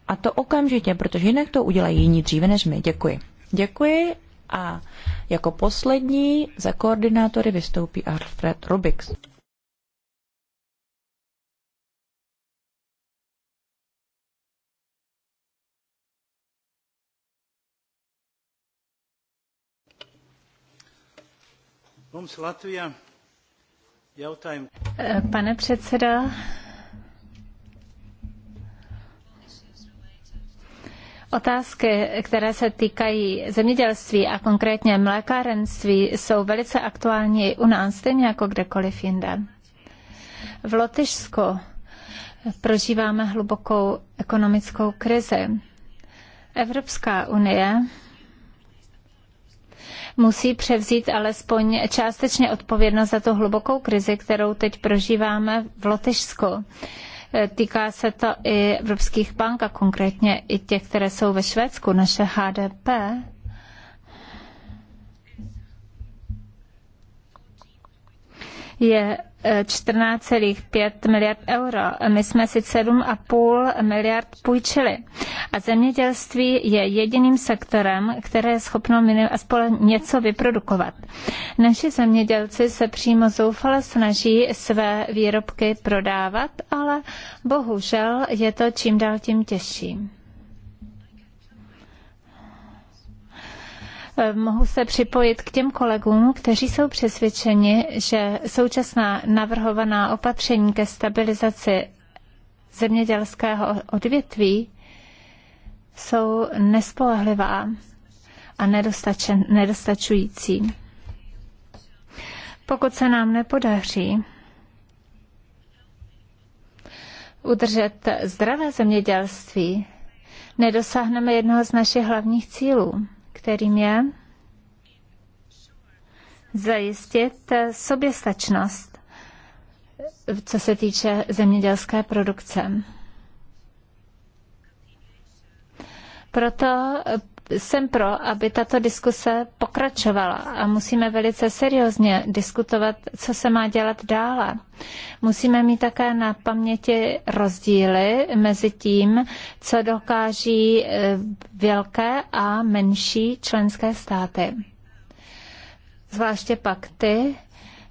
A to okamžitě, protože jinak to udělají jiní dříve než my. Děkuji. Děkuji a jako poslední za koordinátory vystoupí Alfred Rubix. Pane předsedo, Otázky, které se týkají zemědělství a konkrétně mlékárenství, jsou velice aktuální i u nás, stejně jako kdekoliv jinde. V Lotyšsku prožíváme hlubokou ekonomickou krizi. Evropská unie musí převzít alespoň částečně odpovědnost za tu hlubokou krizi, kterou teď prožíváme v Lotyšsku. Týká se to i evropských bank a konkrétně i těch, které jsou ve Švédsku. Naše HDP je 14,5 eh, miliard euro. My jsme si 7,5 miliard půjčili. A zemědělství je jediným sektorem, které je schopno minimálně aspoň něco vyprodukovat. Naši zemědělci se přímo zoufale snaží své výrobky prodávat, ale bohužel je to čím dál tím těžší. mohu se připojit k těm kolegům, kteří jsou přesvědčeni, že současná navrhovaná opatření ke stabilizaci zemědělského odvětví jsou nespolehlivá a nedostačující. Pokud se nám nepodaří udržet zdravé zemědělství, nedosáhneme jednoho z našich hlavních cílů kterým je zajistit soběstačnost, co se týče zemědělské produkce. Proto jsem pro, aby tato diskuse pokračovala a musíme velice seriózně diskutovat, co se má dělat dále. Musíme mít také na paměti rozdíly mezi tím, co dokáží eh, velké a menší členské státy. Zvláště pak ty,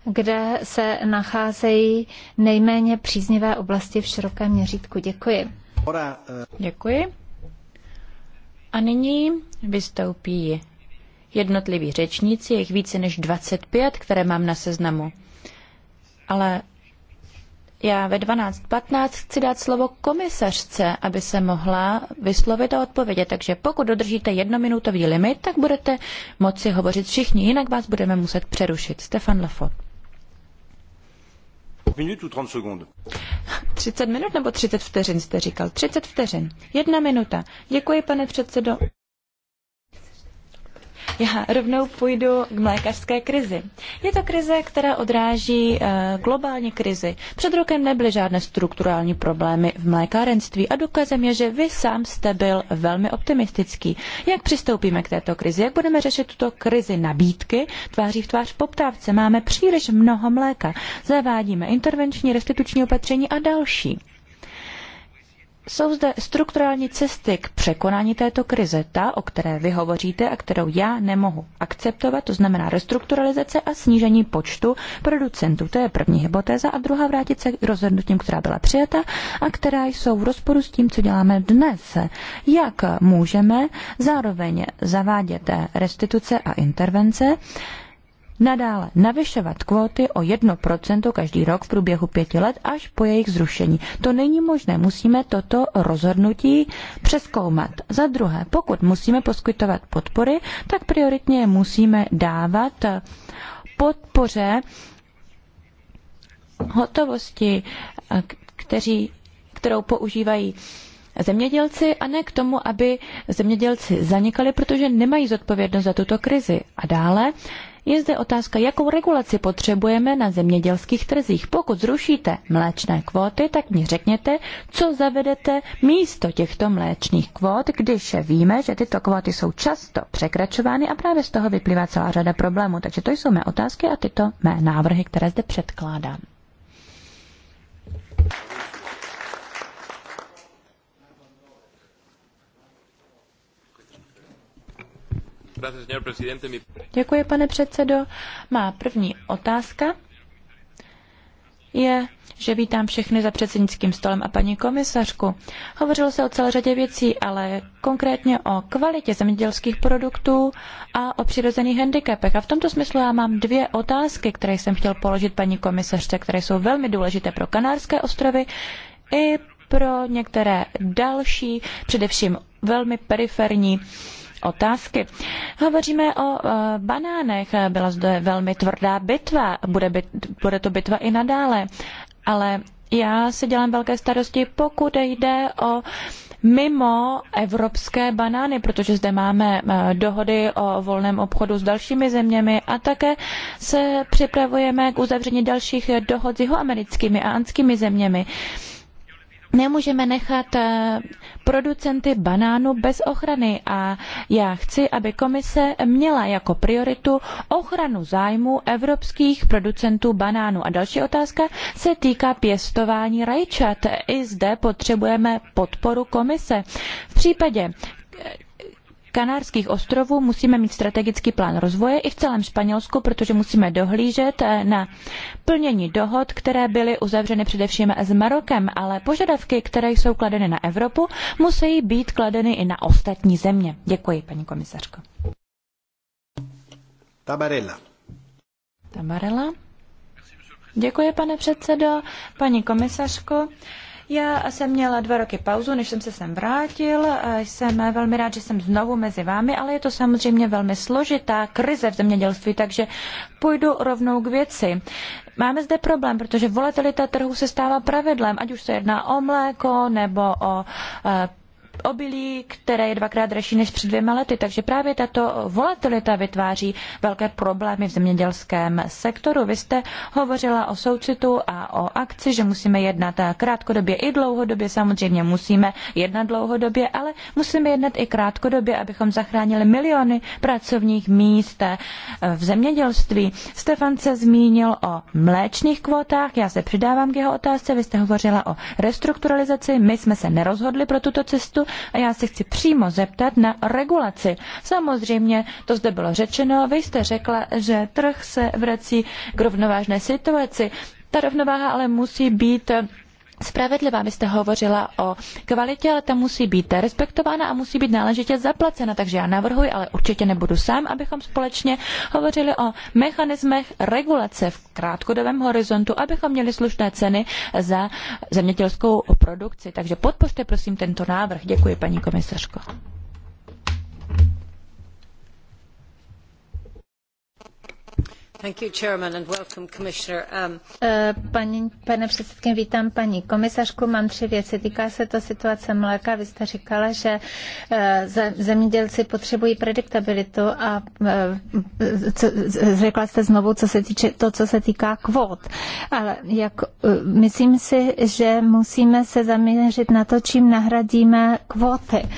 kde se nacházejí nejméně příznivé oblasti v širokém měřítku. Děkuji. Eh. Děkuji. A nyní vystoupí jednotliví řečníci, jejich více než 25, které mám na seznamu. Ale já ve 12.15 chci dát slovo komisařce, aby se mohla vyslovit a odpovědět. Takže pokud dodržíte jednominutový limit, tak budete moci hovořit všichni, jinak vás budeme muset přerušit. Stefan Lefort minut ou 30 sekund? 30 minut nebo 30 vteřin jste říkal? 30 vteřin. Jedna minuta. Děkuji, pane předsedo. Já rovnou půjdu k mlékařské krizi. Je to krize, která odráží e, eh, globální krizi. Před rokem nebyly žádné strukturální problémy v mlékárenství a důkazem je, že vy sám jste byl velmi optimistický. Jak přistoupíme k této krizi? Jak budeme řešit tuto krizi nabídky? Tváří v tvář poptávce máme příliš mnoho mléka. Zavádíme intervenční, restituční opatření a další. Jsou zde strukturální cesty k překonání této krize, ta, o které vy hovoříte a kterou já nemohu akceptovat, to znamená restrukturalizace a snížení počtu producentů. To je první hypotéza. A druhá vrátit se k rozhodnutím, která byla přijata a která jsou v rozporu s tím, co děláme dnes. Jak můžeme zároveň zavádět restituce a intervence, nadále navyšovat kvóty o 1% každý rok v průběhu pěti let až po jejich zrušení. To není možné, musíme toto rozhodnutí přeskoumat. Za druhé, pokud musíme poskytovat podpory, tak prioritně je musíme dávat podpoře hotovosti, kteří, kterou používají zemědělci a ne k tomu, aby zemědělci zanikali, protože nemají zodpovědnost za tuto krizi. A dále je zde otázka, jakou regulaci potřebujeme na zemědělských trzích. Pokud zrušíte mléčné kvóty, tak mi řekněte, co zavedete místo těchto mléčných kvót, když víme, že tyto kvóty jsou často překračovány a právě z toho vyplývá celá řada problémů. Takže to jsou mé otázky a tyto mé návrhy, které zde předkládám. Děkuji, pane předsedo. Má první otázka je, že vítám všechny za předsednickým stolem a paní komisařku. Hovořilo se o celé řadě věcí, ale konkrétně o kvalitě zemědělských produktů a o přirozených handicapech. A v tomto smyslu já mám dvě otázky, které jsem chtěl položit paní komisařce, které jsou velmi důležité pro Kanárské ostrovy i pro některé další, především velmi periferní otázky. Hovoříme o eh, banánech. Byla zde velmi tvrdá bitva. Bude, byt, bude to bitva i nadále. Ale já si dělám velké starosti, pokud jde o mimo evropské banány, protože zde máme eh, dohody o volném obchodu s dalšími zeměmi a také se připravujeme k uzavření dalších dohod s jihoamerickými a anskými zeměmi. Nemůžeme nechat eh, producenty banánů bez ochrany a já chci, aby komise měla jako prioritu ochranu zájmu evropských producentů banánů. A další otázka se týká pěstování rajčat. I zde potřebujeme podporu komise. V případě, Kanárských ostrovů musíme mít strategický plán rozvoje i v celém Španělsku, protože musíme dohlížet eh, na plnění dohod, které byly uzavřeny především s Marokem, ale požadavky, které jsou kladeny na Evropu, musí být kladeny i na ostatní země. Děkuji, paní komisařko. Tabarella. Tabarella. Děkuji, pane předsedo, paní komisařko. Já jsem měla dva roky pauzu, než jsem se sem vrátil. Jsem velmi rád, že jsem znovu mezi vámi, ale je to samozřejmě velmi složitá krize v zemědělství, takže půjdu rovnou k věci. Máme zde problém, protože volatilita trhu se stává pravidlem, ať už se jedná o mléko nebo o eh, obilí, které je dvakrát dražší než před dvěma lety. Takže právě tato volatilita vytváří velké problémy v zemědělském sektoru. Vy jste hovořila o soucitu a o akci, že musíme jednat krátkodobě i dlouhodobě. Samozřejmě musíme jednat dlouhodobě, ale musíme jednat i krátkodobě, abychom zachránili miliony pracovních míst v zemědělství. Stefan se zmínil o mléčných kvotách. Já se přidávám k jeho otázce. Vy jste hovořila o restrukturalizaci. My jsme se nerozhodli pro tuto cestu a já se chci přímo zeptat na regulaci. Samozřejmě, to zde bylo řečeno, vy jste řekla, že trh se vrací k rovnovážné situaci. Ta rovnováha ale musí být spravedlivá. Vy jste hovořila o kvalitě, ale ta musí být respektována a musí být náležitě zaplacena. Takže já navrhuji, ale určitě nebudu sám, abychom společně hovořili o mechanismech regulace v krátkodobém horizontu, abychom měli slušné ceny za zemědělskou produkci. Takže podpořte prosím tento návrh. Děkuji, paní komisařko. Um, eh, pane předsedkyně, vítám paní komisařku. Mám tři věci. Týká se to situace mléka. Vy jste říkala, že eh, zemědělci potřebují prediktabilitu a eh, řekla jste znovu, co se týče to, co se týká kvót. Ale jak, myslím si, že musíme se zaměřit na to, čím nahradíme kvóty,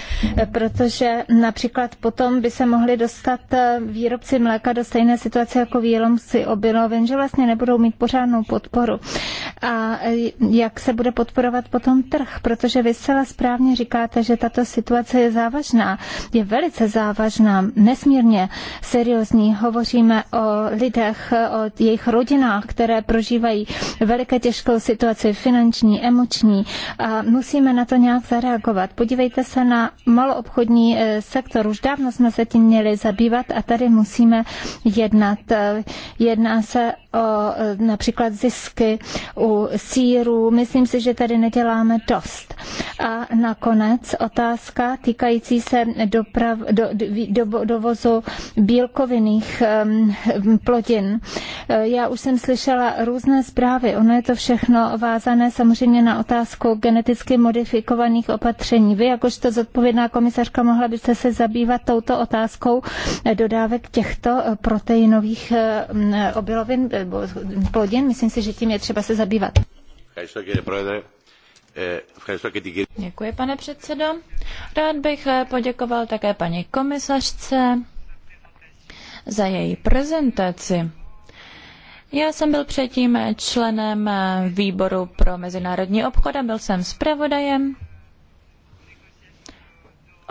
protože například potom by se mohli dostat výrobci mléka do stejné situace jako výrobci jenom si objevilo, že vlastně nebudou mít pořádnou podporu. A jak se bude podporovat potom trh, protože vy zcela správně říkáte, že tato situace je závažná, je velice závažná, nesmírně seriózní. Hovoříme o lidech, o jejich rodinách, které prožívají veliké těžkou situaci finanční, emoční a musíme na to nějak zareagovat. Podívejte se na maloobchodní eh, sektor. Už dávno jsme se tím měli zabývat a tady musíme jednat. Eh, Jedná se o e, například zisky u síru. Myslím si, že tady neděláme dost. A nakonec otázka týkající se doprav, do, do, dovozu bílkovinných um, plodin. E, já už jsem slyšela různé zprávy. Ono je to všechno vázané samozřejmě na otázku geneticky modifikovaných opatření. Vy, jakožto zodpovědná komisařka, mohla byste se zabývat touto otázkou dodávek těchto proteinových obilovin, e, plodin. Myslím si, že tím je třeba se zabývat. Děkuji, pane předsedo. Rád bych e, poděkoval také paní komisařce za její prezentaci. Já jsem byl předtím členem e, výboru pro mezinárodní obchod a byl jsem zpravodajem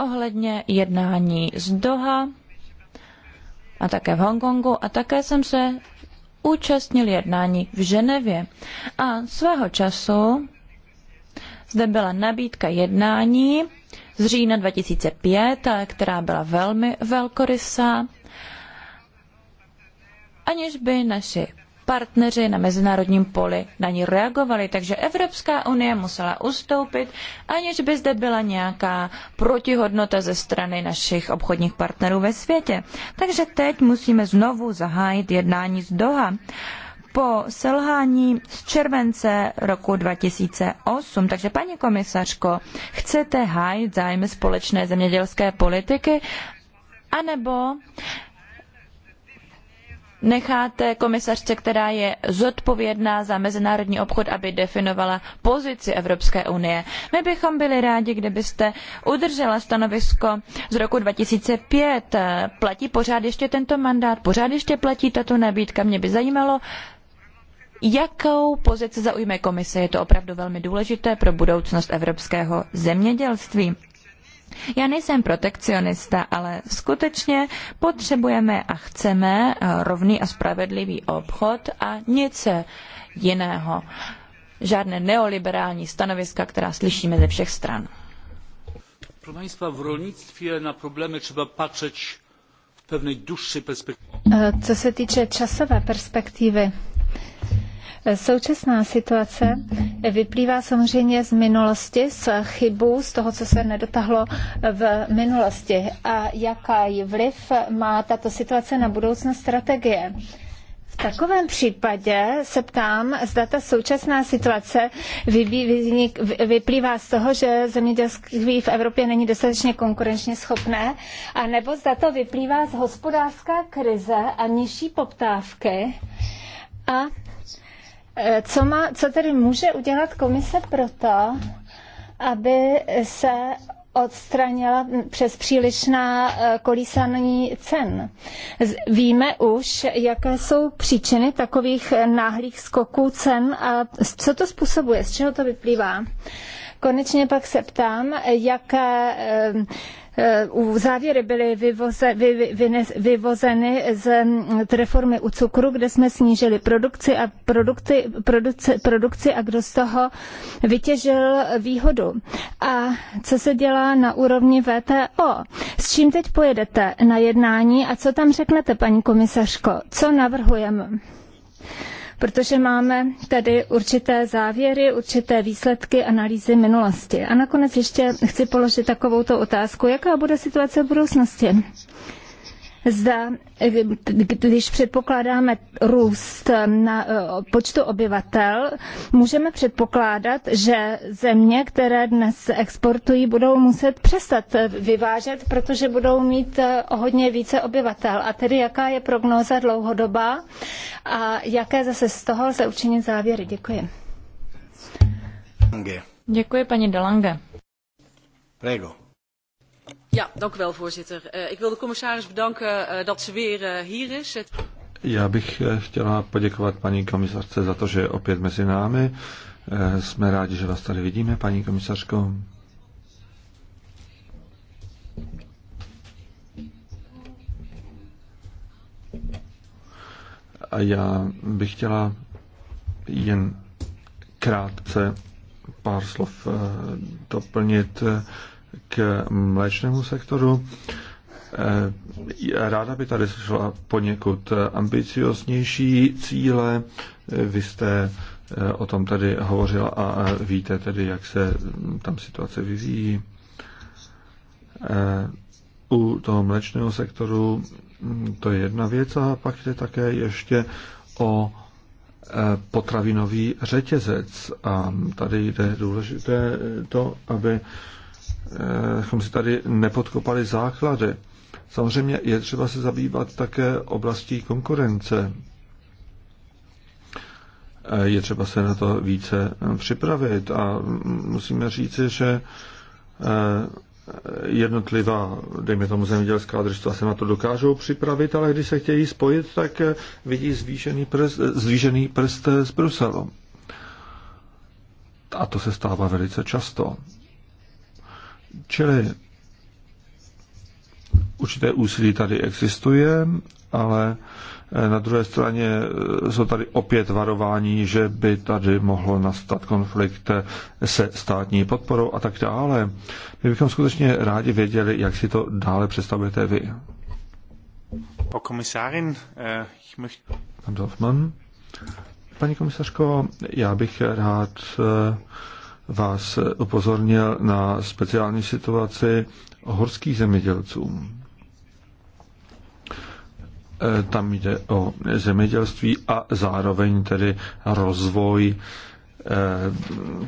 ohledně jednání z Doha a také v Hongkongu a také jsem se účastnil jednání v Ženevě. A svého času zde byla nabídka jednání z října 2005, která byla velmi velkorysá, aniž by naši partneři na mezinárodním poli na ní reagovali, takže Evropská unie musela ustoupit, aniž by zde byla nějaká protihodnota ze strany našich obchodních partnerů ve světě. Takže teď musíme znovu zahájit jednání z Doha. Po selhání z července roku 2008, takže paní komisařko, chcete hájit zájmy společné zemědělské politiky, anebo necháte komisařce, která je zodpovědná za mezinárodní obchod, aby definovala pozici Evropské unie. My bychom byli rádi, kdybyste udržela stanovisko z roku 2005. Platí pořád ještě tento mandát, pořád ještě platí tato nabídka. Mě by zajímalo, jakou pozici zaujme komise. Je to opravdu velmi důležité pro budoucnost evropského zemědělství. Já nejsem protekcionista, ale skutečně potřebujeme a chceme eh, rovný a spravedlivý obchod a nic jiného. Žádné neoliberální stanoviska, která slyšíme ze všech stran. Pro Państwa, v rolnictví na problémy třeba patřit v pevné Co se týče časové perspektivy, Současná situace vyplývá samozřejmě z minulosti, z chybů, z toho, co se nedotahlo v minulosti. A jaký vliv má tato situace na budoucnost strategie? V takovém případě se ptám, zda ta současná situace vyplývá z toho, že zemědělství v Evropě není dostatečně konkurenčně schopné, anebo zda to vyplývá z hospodářské krize a nižší poptávky a co, má, co tedy může udělat komise proto, aby se odstranila přes přílišná eh, kolísaní cen. Víme už, jaké jsou příčiny takových eh, náhlých skoků cen a co to způsobuje, z čeho to vyplývá. Konečně pak se ptám, jaké eh, Eh, závěry byly vyvoze, vy, vy, vyvozeny mm, z reformy u cukru, kde jsme snížili produkci a produkty, produce, produkci a kdo z toho vytěžil výhodu. A co se dělá na úrovni VTO? S čím teď pojedete na jednání a co tam řeknete, paní komisařko? Co navrhujeme? protože máme tady určité závěry, určité výsledky analýzy minulosti. A nakonec ještě chci položit takovouto otázku, jaká bude situace v budoucnosti? zda, když předpokládáme růst na eh, počtu obyvatel, můžeme předpokládat, že země, které dnes exportují, budou muset přestat vyvážet, protože budou mít o eh, hodně více obyvatel. A tedy jaká je prognóza dlouhodobá a jaké zase z toho se učinit závěry? Děkuji. Děkuji, paní Delange. Prego. Ja, dank u wel, voorzitter. Eh, ik wil de commissaris bedanken eh, dat ze weer eh, hier is. Já bych chtěla poděkovat paní komisařce za to, že je opět mezi námi. Jsme rádi, že vás tady vidíme, paní komisařko. A já bych chtěla jen krátce pár slov doplnit k mléčnému sektoru. Eh, ráda by tady šla poněkud ambicioznější cíle. Vy jste eh, o tom tady hovořila a eh, víte tedy, jak se tam situace vyvíjí. U toho mléčného sektoru hm, to je jedna věc a pak je také ještě o potravinový řetězec. A tady jde důležité to, aby Eh, jsme si tady nepodkopali základy. Samozřejmě je třeba se zabývat také oblastí konkurence. Eh, je třeba se na to více eh, připravit a musíme říci, že jednotlivá, dejme tomu zemědělská družstva se na to dokážou připravit, ale když se chtějí spojit, tak vidí zvýšený prst, zvýšený prst z Bruselu. A to se stává velice často. Čili určité úsilí tady existuje, ale eh, na druhé straně eh, jsou tady opět varování, že by tady mohlo nastat konflikt eh, se státní podporou a tak dále. My bychom skutečně rádi věděli, jak si to dále představujete vy. Frau Kommissarin, Pan Dorfmann. Paní komisařko, já bych rád vás upozornil na speciální situaci horských zemědělců. E, tam jde o zemědělství a zároveň tedy rozvoj e,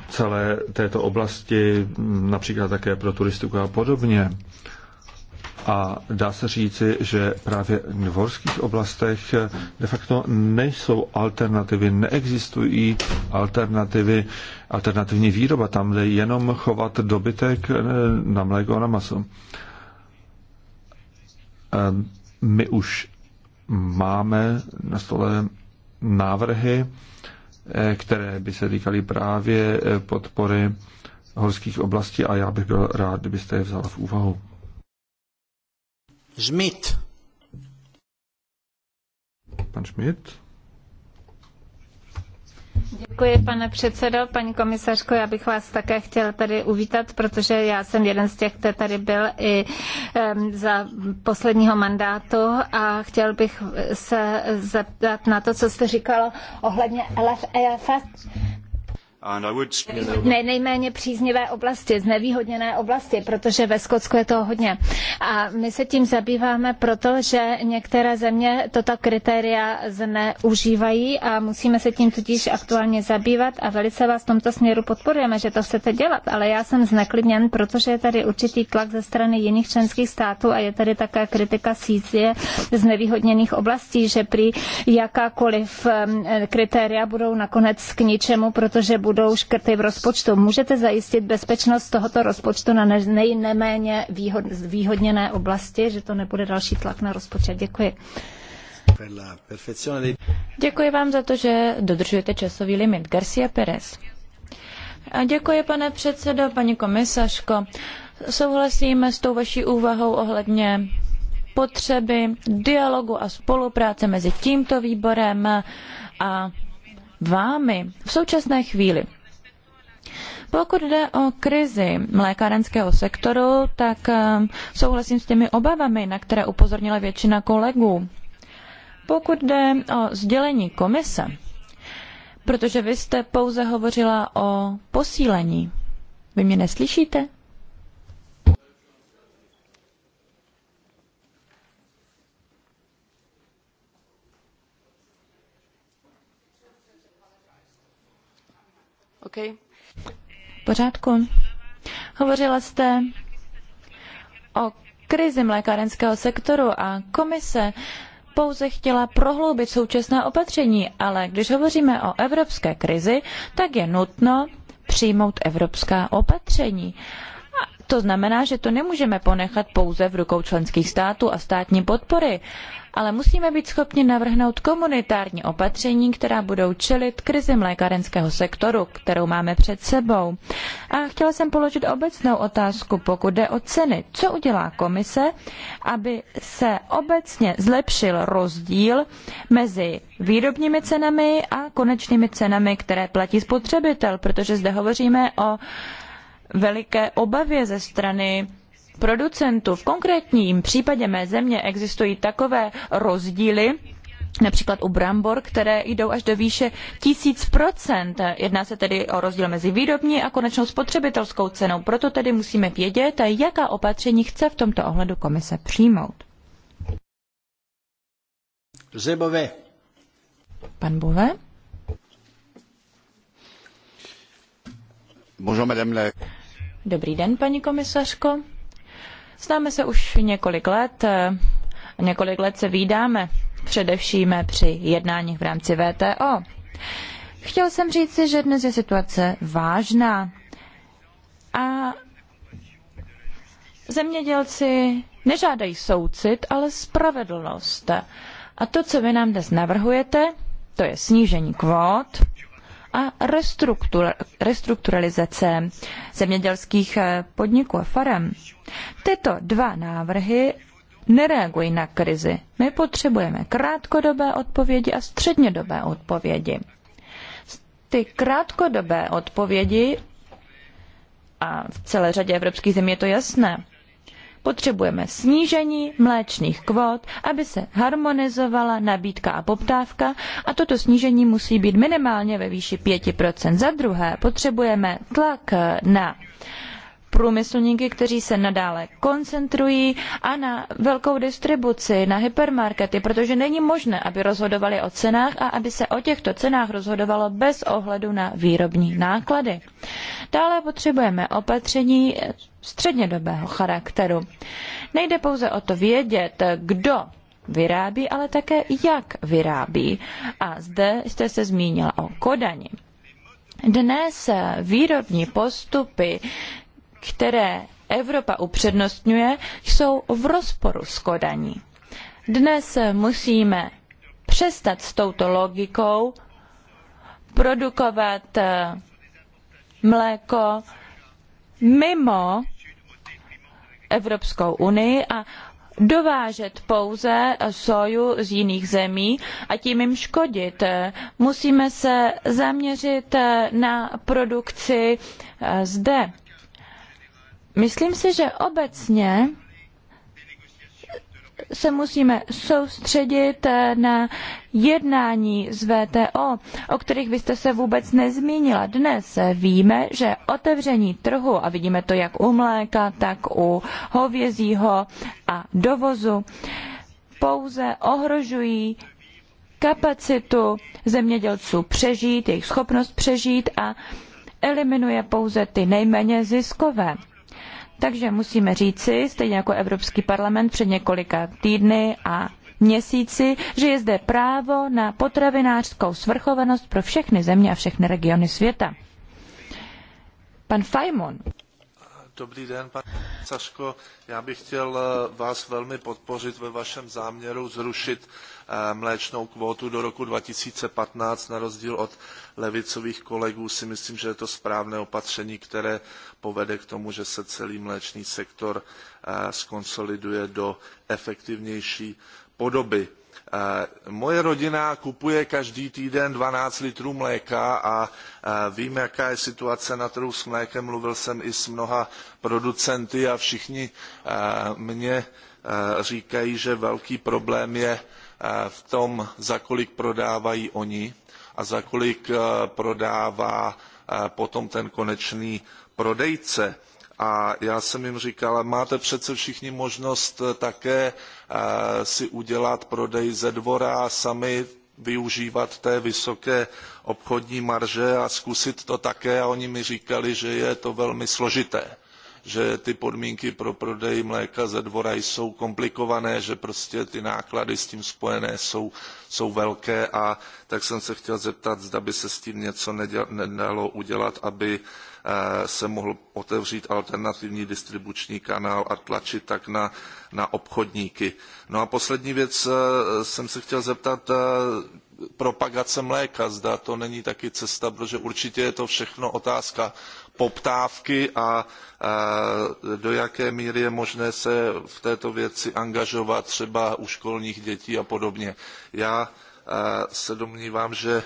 celé této oblasti, například také pro turistiku a podobně. A dá se říci, že právě v dvorských oblastech de facto nejsou alternativy, neexistují alternativy, alternativní výroba. Tam jde jenom chovat dobytek eh, na mléko a na maso. Eh, my už máme na stole návrhy, eh, které by se týkaly právě podpory horských oblastí a já bych byl rád, kdybyste je vzal v úvahu. Schmidt. Pan Schmidt. Děkuji, pane předsedo. Paní komisařko, já bych vás také chtěl tady uvítat, protože já jsem jeden z těch, který tady byl i za posledního mandátu a chtěl bych se zeptat na to, co jste říkal ohledně LFF e nejméně příznivé oblasti, znevýhodněné oblasti, protože ve Skotsku je toho hodně. A my se tím zabýváme proto, že některé země toto kritéria zneužívají a musíme se tím tudíž aktuálně zabývat a velice vás v tomto směru podporujeme, že to chcete dělat, ale já jsem zneklidněn, protože je tady určitý tlak ze strany jiných členských států a je tady také kritika sície znevýhodněných oblastí, že prý jakákoliv kritéria budou nakonec k ničemu, protože budou budou škrty v rozpočtu. Můžete zajistit bezpečnost tohoto rozpočtu na nejneméně výhod, výhodněné oblasti, že to nebude další tlak na rozpočet. Děkuji. Děkuji vám za to, že dodržujete časový limit. Garcia Perez. A děkuji, pane předsedo, paní komisařko. Souhlasíme s tou vaší úvahou ohledně potřeby dialogu a spolupráce mezi tímto výborem a vámi v současné chvíli. Pokud jde o krizi mlékárenského sektoru, tak eh, souhlasím s těmi obavami, na které upozornila většina kolegů. Pokud jde o sdělení komise, protože vy jste pouze hovořila o posílení. Vy mě neslyšíte? pořádku. Hovořila jste o krizi mlékárenského sektoru a komise pouze chtěla prohloubit současná opatření, ale když hovoříme o evropské krizi, tak je nutno přijmout evropská opatření. Uh, to znamená, že to nemůžeme ponechat pouze v rukou členských států a státní podpory, ale musíme být schopni navrhnout komunitární opatření, která budou čelit krizi mlékárenského sektoru, kterou máme před sebou. A chtěla jsem položit obecnou otázku, pokud jde o ceny. Co udělá komise, aby se obecně zlepšil rozdíl mezi výrobními cenami a konečnými cenami, které platí spotřebitel, protože zde hovoříme o veliké obavě ze strany producentů. V konkrétním případě mé země existují takové rozdíly, například u brambor, které jdou až do výše 1000%. Jedná se tedy o rozdíl mezi výrobní a konečnou spotřebitelskou cenou. Proto tedy musíme vědět, jaká opatření chce v tomto ohledu komise přijmout. Zebové. Pan Bové. Bonjour, madame la... Dobrý den, paní komisařko. Známe se už několik let. Několik let se výdáme, především při jednáních v rámci VTO. Chtěl jsem říci, že dnes je situace vážná a zemědělci nežádají soucit, ale spravedlnost. A to, co vy nám dnes navrhujete, to je snížení kvót, a restruktur, restrukturalizace zemědělských eh, podniků a farem. Tyto dva návrhy nereagují na krizi. My potřebujeme krátkodobé odpovědi a střednědobé odpovědi. Ty krátkodobé odpovědi, a v celé řadě evropských zemí je to jasné, Potřebujeme snížení mléčných kvót, aby se harmonizovala nabídka a poptávka a toto snížení musí být minimálně ve výši 5%. Za druhé, potřebujeme tlak na uh, průmyslníky, kteří se nadále koncentrují a na velkou distribuci, na hypermarkety, protože není možné, aby rozhodovali o cenách a aby se o těchto cenách rozhodovalo bez ohledu na výrobní náklady. Dále potřebujeme opatření střednědobého charakteru. Nejde pouze o to vědět, kdo vyrábí, ale také jak vyrábí. A zde jste se zmínila o Kodani. Dnes výrobní postupy které Evropa upřednostňuje, jsou v rozporu s Kodaní. Dnes musíme přestat s touto logikou produkovat eh, mléko mimo Evropskou unii a dovážet pouze soju z jiných zemí a tím jim škodit. Musíme se zaměřit eh, na produkci eh, zde Myslím si, že obecně se musíme soustředit eh, na jednání z VTO, o kterých vy jste se vůbec nezmínila. Dnes eh, víme, že otevření trhu, a vidíme to jak u mléka, tak u hovězího a dovozu, pouze ohrožují kapacitu zemědělců přežít, jejich schopnost přežít a eliminuje pouze ty nejméně ziskové. Takže musíme říci, stejně jako Evropský parlament před několika týdny a měsíci, že je zde právo na potravinářskou svrchovanost pro všechny země a všechny regiony světa. Pan Fajmon. Dobrý den, pane Saško. Já bych chtěl eh, vás velmi podpořit ve vašem záměru zrušit eh, mléčnou kvótu do roku 2015 na rozdíl od levicových kolegů si myslím, že je to správné opatření, které povede k tomu, že se celý mléčný sektor eh, skonsoliduje do efektivnější podoby. Eh, moje rodina kupuje každý týden 12 litrů mléka a eh, vím, jaká je situace na trhu s mlékem. Mluvil jsem i s mnoha producenty a všichni mě říkají, že velký problém je v tom, za kolik prodávají oni a za kolik eh, prodává eh, potom ten konečný prodejce. A já jsem jim říkal, máte přece všichni možnost eh, také si udělat prodej ze dvora a sami využívat té vysoké obchodní marže a zkusit to také. A oni mi říkali, že je to velmi složité že ty podmínky pro prodej mléka ze dvora jsou komplikované, že prostě ty náklady s tím spojené jsou, jsou velké a tak jsem se chtěl zeptat, zda by se s tím něco nedalo udělat, aby eh, se mohl otevřít alternativní distribuční kanál a tlačit tak na, na obchodníky. No a poslední věc eh, jsem se chtěl zeptat, eh, propagace mléka, zda to není taky cesta, protože určitě je to všechno otázka poptávky a do jaké míry je možné se v této věci angažovat třeba u školních dětí a podobně. Já se domnívám, že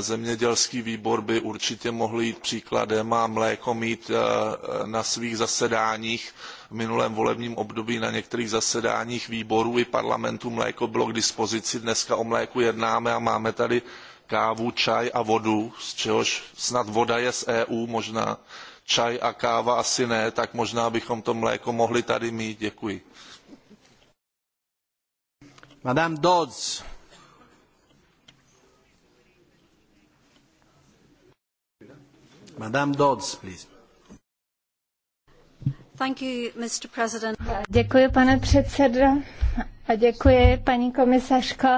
zemědělský výbor by určitě mohl jít příkladem a mléko mít na svých zasedáních. V minulém volebním období na některých zasedáních výborů i parlamentu mléko bylo k dispozici. Dneska o mléku jednáme a máme tady kávu, čaj a vodu, z čehož snad voda je z EU možná, čaj a káva asi ne, tak možná bychom to mléko mohli tady mít. Děkuji. Madame Dodds. Madame Dodds, please děkuji, pane předsedo, a děkuji, paní komisařko,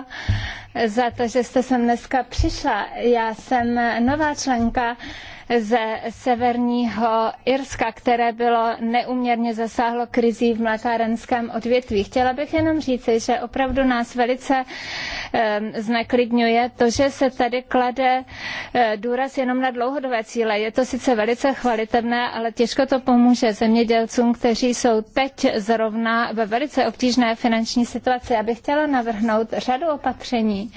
za to, že jste sem dneska přišla. Já jsem nová členka ze severního Irska, které bylo neuměrně zasáhlo krizí v mlékárenském odvětví. Chtěla bych jenom říci, že opravdu nás velice zneklidňuje to, že se tady klade eh, důraz jenom na dlouhodobé cíle. Je to sice velice chvalitevné, ale těžko to pomůže zemědělcům, kteří jsou teď zrovna ve velice obtížné finanční situaci. Já bych chtěla navrhnout řadu opatření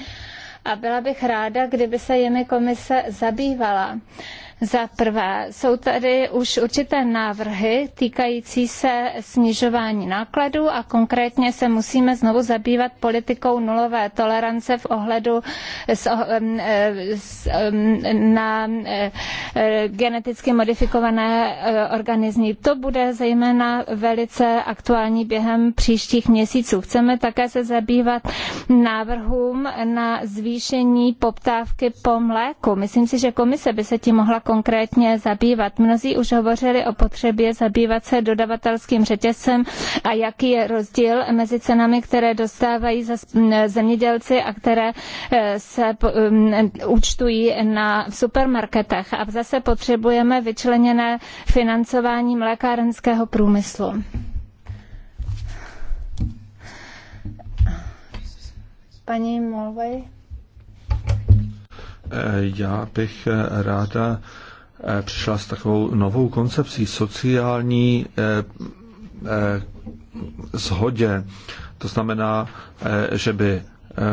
a byla bych ráda, kdyby se jimi komise zabývala za prvé, jsou tady už určité návrhy týkající se snižování nákladů a konkrétně se musíme znovu zabývat politikou nulové tolerance v ohledu e, na e, e, geneticky modifikované organismy. To bude zejména velice aktuální během příštích měsíců. Chceme také se zabývat návrhům na zvýšení poptávky po mléku. Myslím si, že komise by se tím mohla konkrétně zabývat. Mnozí už hovořili o potřebě zabývat se dodavatelským řetězcem a jaký je rozdíl mezi cenami, které dostávají zemědělci a které e, se účtují na supermarketech. A zase potřebujeme vyčleněné financování mlékárenského průmyslu. Paní Molvej. Eh, já bych eh, ráda eh, přišla s takovou novou koncepcí sociální zhodě. To znamená, že by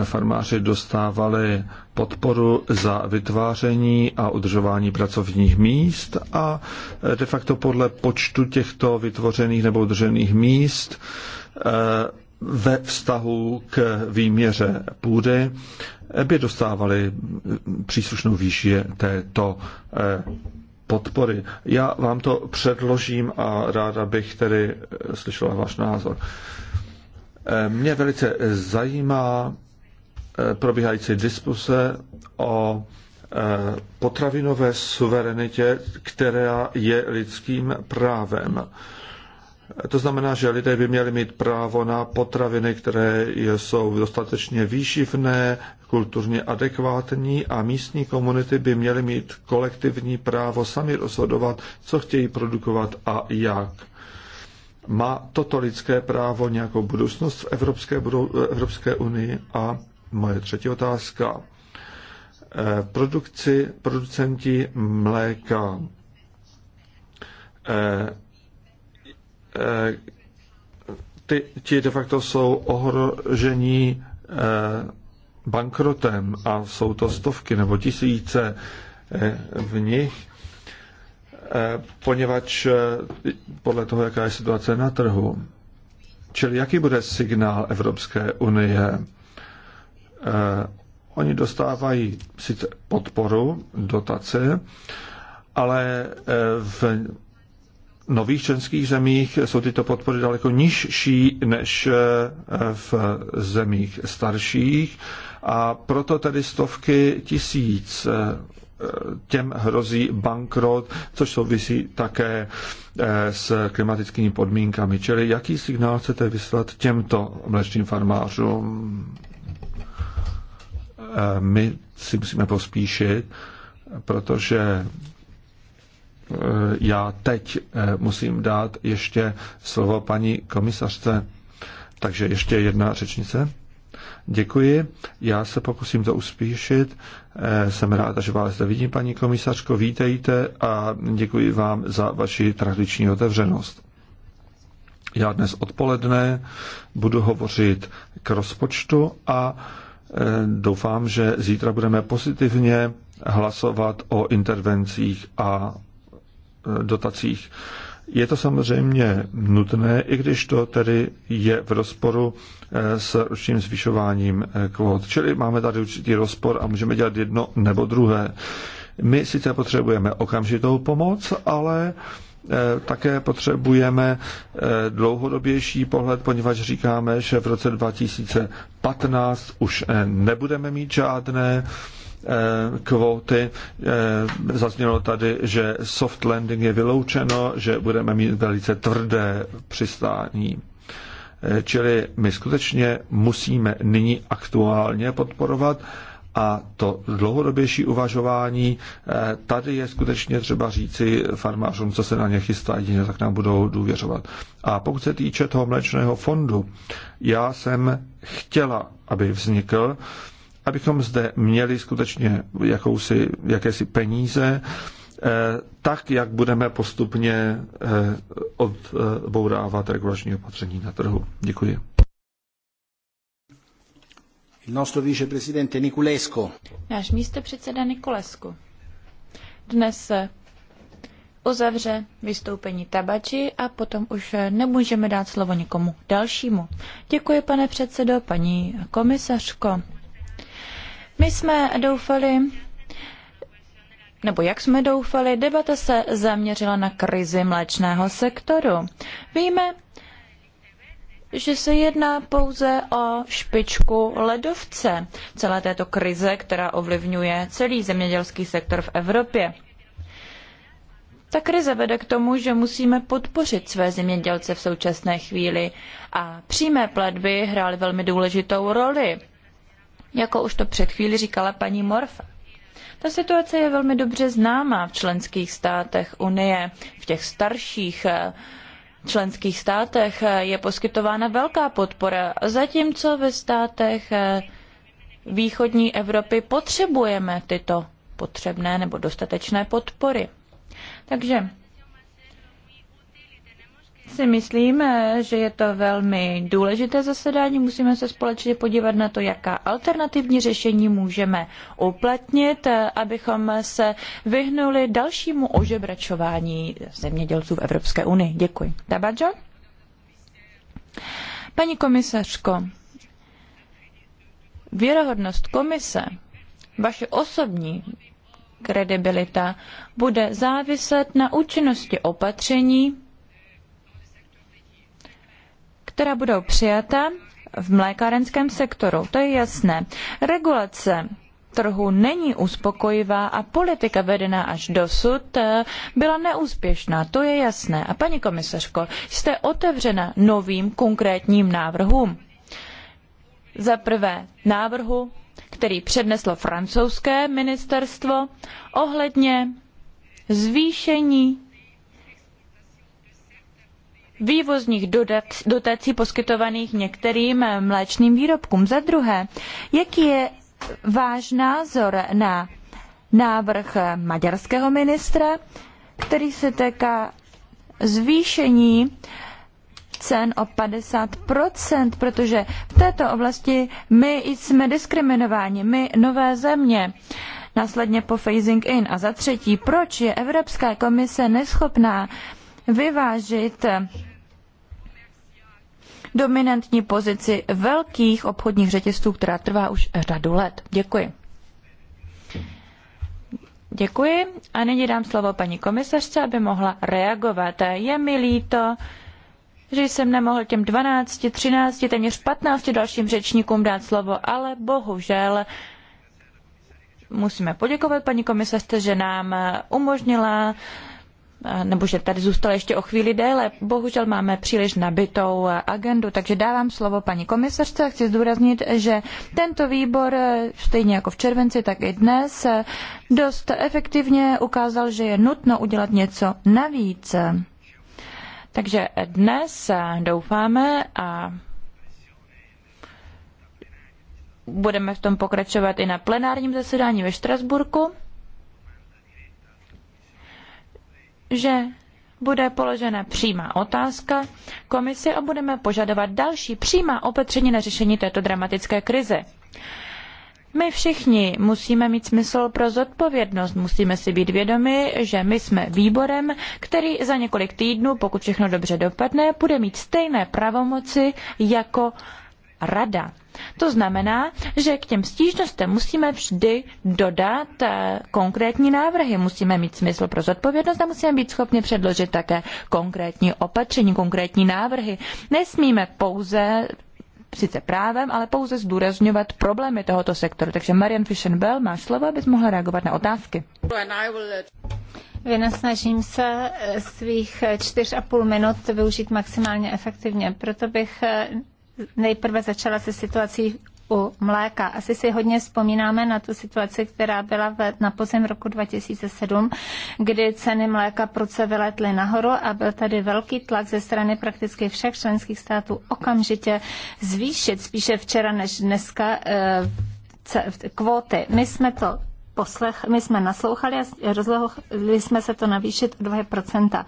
farmáři dostávali podporu za vytváření a udržování pracovních míst a de facto podle počtu těchto vytvořených nebo udržených míst ve vztahu k výměře půdy by dostávali příslušnou výši této eh, podpory. Já vám to předložím a ráda bych tedy eh, slyšela váš názor. Eh, mě velice zajímá probíhající diskuse o potravinové suverenitě, která je lidským právem. To znamená, že lidé by měli mít právo na potraviny, které jsou dostatečně výživné, kulturně adekvátní a místní komunity by měly mít kolektivní právo sami rozhodovat, co chtějí produkovat a jak. Má toto lidské právo nějakou budoucnost v Evropské, Evropské unii? A moje třetí otázka. Eh, produkci, producenti mléka eh, Eh, ty, ti de facto jsou ohrožení eh, bankrotem a jsou to stovky nebo tisíce eh, v nich, poněvadž podle toho, jaká je situace na trhu. Čili jaký bude signál Evropské unie? Oni dostávají sice podporu, dotace, ale v nových členských zemích jsou tyto podpory daleko nižší než eh, v zemích starších a proto tedy stovky tisíc eh, těm hrozí bankrot, což souvisí také eh, s klimatickými podmínkami. Čili jaký signál chcete vyslat těmto mlečným farmářům? My si musíme pospíšit, protože Eh, já teď eh, musím dát ještě slovo paní komisařce. Takže ještě jedna řečnice. Děkuji. Já se pokusím to uspíšit. Eh, jsem ráda, že vás zde vidím, paní komisařko. Vítejte a děkuji vám za vaši tradiční otevřenost. Já dnes odpoledne budu hovořit k rozpočtu a doufám, že zítra budeme pozitivně hlasovat o intervencích a Eh, dotacích. Je to samozřejmě nutné, i když to tedy je v rozporu eh, s ročním zvyšováním eh, kvót. Čili máme tady určitý rozpor a můžeme dělat jedno nebo druhé. My sice potřebujeme okamžitou pomoc, ale také potřebujeme dlouhodobější pohled, poněvadž říkáme, že v roce 2015 už nebudeme mít žádné Eh, kvóty. Eh, zaznělo tady, že soft landing je vyloučeno, že budeme mít velice tvrdé přistání. Eh, čili my skutečně musíme nyní aktuálně podporovat a to dlouhodobější uvažování, tady je skutečně třeba říci farmářům, co se na ně chystá, jedině tak nám budou důvěřovat. A pokud se týče toho mléčného fondu, já jsem chtěla, aby vznikl, abychom zde měli skutečně jakousi, jakési peníze, eh, tak, jak budeme postupně eh, odbourávat regulační opatření na trhu. Děkuji. Náš místo předseda Nikolesko Dnes místopředseda dnes uzavře vystoupení Tabači a potom už nemůžeme dát slovo nikomu dalšímu. Děkuji, pane předsedo, paní komisařko. My jsme doufali, nebo jak jsme doufali, debata se zaměřila na krizi mléčného sektoru. Víme, že se jedná pouze o špičku ledovce celé této krize, která ovlivňuje celý zemědělský sektor v Evropě. Ta krize vede k tomu, že musíme podpořit své zemědělce v současné chvíli a přímé platby hrály velmi důležitou roli jako už to před chvíli říkala paní Morfa. Ta situace je velmi dobře známá v členských státech Unie, v těch starších eh, členských státech eh, je poskytována velká podpora, zatímco ve státech eh, východní Evropy potřebujeme tyto potřebné nebo dostatečné podpory. Takže si myslím, eh, že je to velmi důležité zasedání. Musíme se společně podívat na to, jaká alternativní řešení můžeme uplatnit, eh, abychom se vyhnuli dalšímu ožebračování zemědělců v Evropské unii. Děkuji. Tabadžo? Paní komisařko, věrohodnost komise, vaše osobní kredibilita bude záviset na účinnosti opatření, která budou přijata v mlékárenském sektoru. To je jasné. Regulace trhu není uspokojivá a politika vedená až dosud eh, byla neúspěšná, to je jasné. A paní komisařko, jste otevřena novým konkrétním návrhům. Za prvé návrhu, který předneslo francouzské ministerstvo ohledně zvýšení vývozních dotací poskytovaných některým eh, mléčným výrobkům. Za druhé, jaký je váš názor na návrh eh, maďarského ministra, který se týká zvýšení cen o 50%, protože v této oblasti my jsme diskriminováni, my nové země, následně po phasing in. A za třetí, proč je Evropská komise neschopná vyvážit dominantní pozici velkých obchodních řetězců, která trvá už řadu let. Děkuji. Děkuji a nyní dám slovo paní komisařce, aby mohla reagovat. Je mi líto, že jsem nemohl těm 12, 13, téměř 15 dalším řečníkům dát slovo, ale bohužel musíme poděkovat paní komisařce, že nám umožnila nebo že tady zůstal ještě o chvíli déle. Bohužel máme příliš nabitou agendu, takže dávám slovo paní komisařce a chci zdůraznit, že tento výbor, e, stejně jako v červenci, tak i dnes, e, dost efektivně ukázal, že je nutno udělat něco navíc. Takže dnes e, doufáme a budeme v tom pokračovat i na plenárním zasedání ve Štrasburku. že bude položena přímá otázka komisi a budeme požadovat další přímá opatření na řešení této dramatické krize. My všichni musíme mít smysl pro zodpovědnost, musíme si být vědomi, že my jsme výborem, který za několik týdnů, pokud všechno dobře dopadne, bude mít stejné pravomoci jako rada. To znamená, že k těm stížnostem musíme vždy dodat eh, konkrétní návrhy. Musíme mít smysl pro zodpovědnost a musíme být schopni předložit také konkrétní opatření, konkrétní návrhy. Nesmíme pouze sice právem, ale pouze zdůrazňovat problémy tohoto sektoru. Takže Marian Fishenbell má slovo, abys mohla reagovat na otázky. Vynasnažím se eh, svých eh, čtyř a půl minut využít maximálně efektivně. Proto bych nejprve začala se situací u mléka. Asi si hodně vzpomínáme na tu situaci, která byla v, na pozem roku 2007, kdy ceny mléka proce vyletly nahoru a byl tady velký tlak ze strany prakticky všech členských států okamžitě zvýšit, spíše včera než dneska, eh, kvóty. My jsme to poslech, my jsme naslouchali a rozlohli jsme se to navýšit o 2%.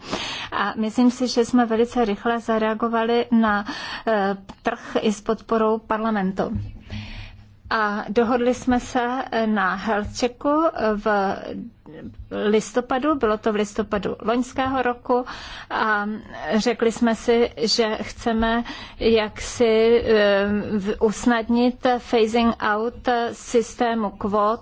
A myslím si, že jsme velice rychle zareagovali na e, trh i s podporou parlamentu. A dohodli jsme se e, na health checku v listopadu, bylo to v listopadu loňského roku a řekli jsme si, že chceme jaksi e, usnadnit phasing out systému kvót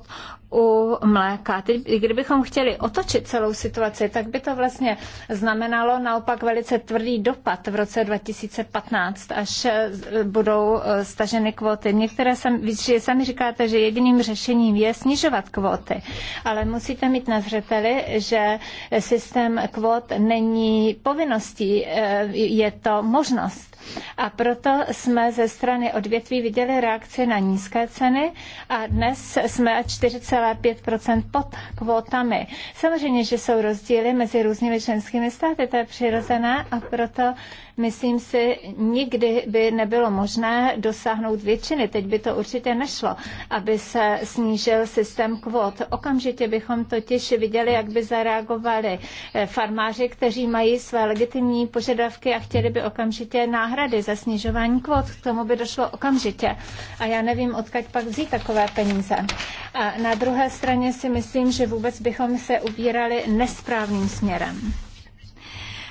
u mléka. Teď, kdybychom chtěli otočit celou situaci, tak by to vlastně znamenalo naopak velice tvrdý dopad v roce 2015, až e, budou e, staženy kvóty. Některé sam, vy sami říkáte, že jediným řešením je snižovat kvóty, ale musíte mít na zřeteli, že systém kvót není povinností, e, je to možnost. A proto jsme ze strany odvětví viděli reakci na nízké ceny a dnes jsme 4,5 pod kvótami. Samozřejmě, že jsou rozdíly mezi různými členskými státy, to je přirozené a proto myslím si, nikdy by nebylo možné dosáhnout většiny. Teď by to určitě nešlo, aby se snížil systém kvot. Okamžitě bychom totiž viděli, jak by zareagovali eh, farmáři, kteří mají své legitimní požadavky a chtěli by okamžitě náhrady za snižování kvot. K tomu by došlo okamžitě. A já nevím, odkud pak vzít takové peníze. A na druhé straně si myslím, že vůbec bychom se ubírali nesprávným směrem.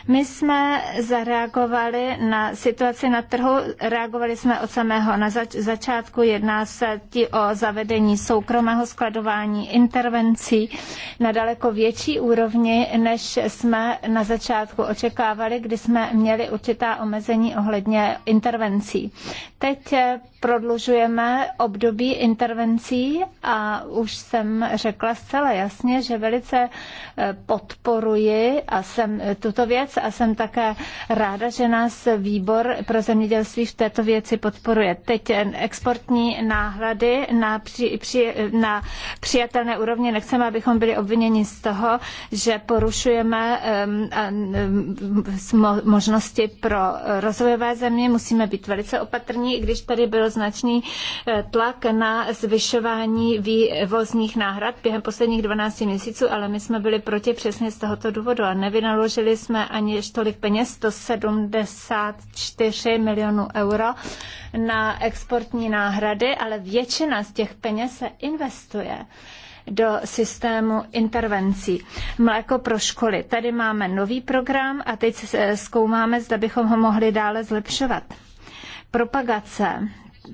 My jsme zareagovali na situaci na trhu, reagovali jsme od samého na zač- začátku, jedná se ti o zavedení soukromého skladování intervencí na daleko větší úrovni, než jsme na začátku očekávali, kdy jsme měli určitá omezení ohledně intervencí. Teď prodlužujeme období intervencí a už jsem řekla zcela jasně, že velice eh, podporuji a jsem eh, tuto věc a jsem také ráda, že nás výbor pro zemědělství v této věci podporuje. Teď eh, exportní náhrady na, při, při, na přijatelné úrovni nechceme, abychom byli obviněni z toho, že porušujeme ehm, ehm, možnosti pro rozvojové země. Musíme být velice opatrní, i když tady byl značný eh, tlak na zvyšování vývozních náhrad během posledních 12 měsíců, ale my jsme byli proti přesně z tohoto důvodu a nevynaložili jsme ani tolik peněz, 174 milionů euro na exportní náhrady, ale většina z těch peněz se investuje do systému intervencí. Mléko pro školy. Tady máme nový program a teď zkoumáme, zda bychom ho mohli dále zlepšovat. Propagace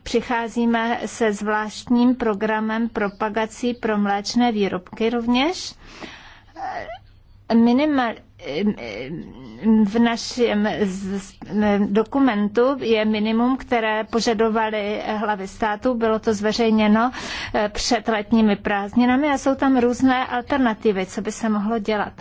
přicházíme se zvláštním programem propagací pro mléčné výrobky rovněž. Minimal, v našem dokumentu je minimum, které požadovaly hlavy státu. Bylo to zveřejněno eh, před letními prázdninami a jsou tam různé alternativy, co by se mohlo dělat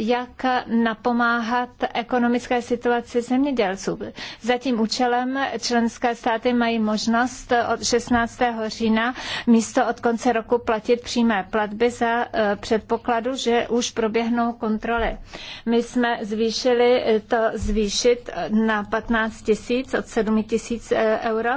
jak napomáhat ekonomické situaci zemědělců. Za tím účelem členské státy mají možnost od 16. října místo od konce roku platit přímé platby za eh, předpokladu, že už proběhnou kontroly. My jsme zvýšili eh, to zvýšit eh, na 15 tisíc od 7 tisíc euro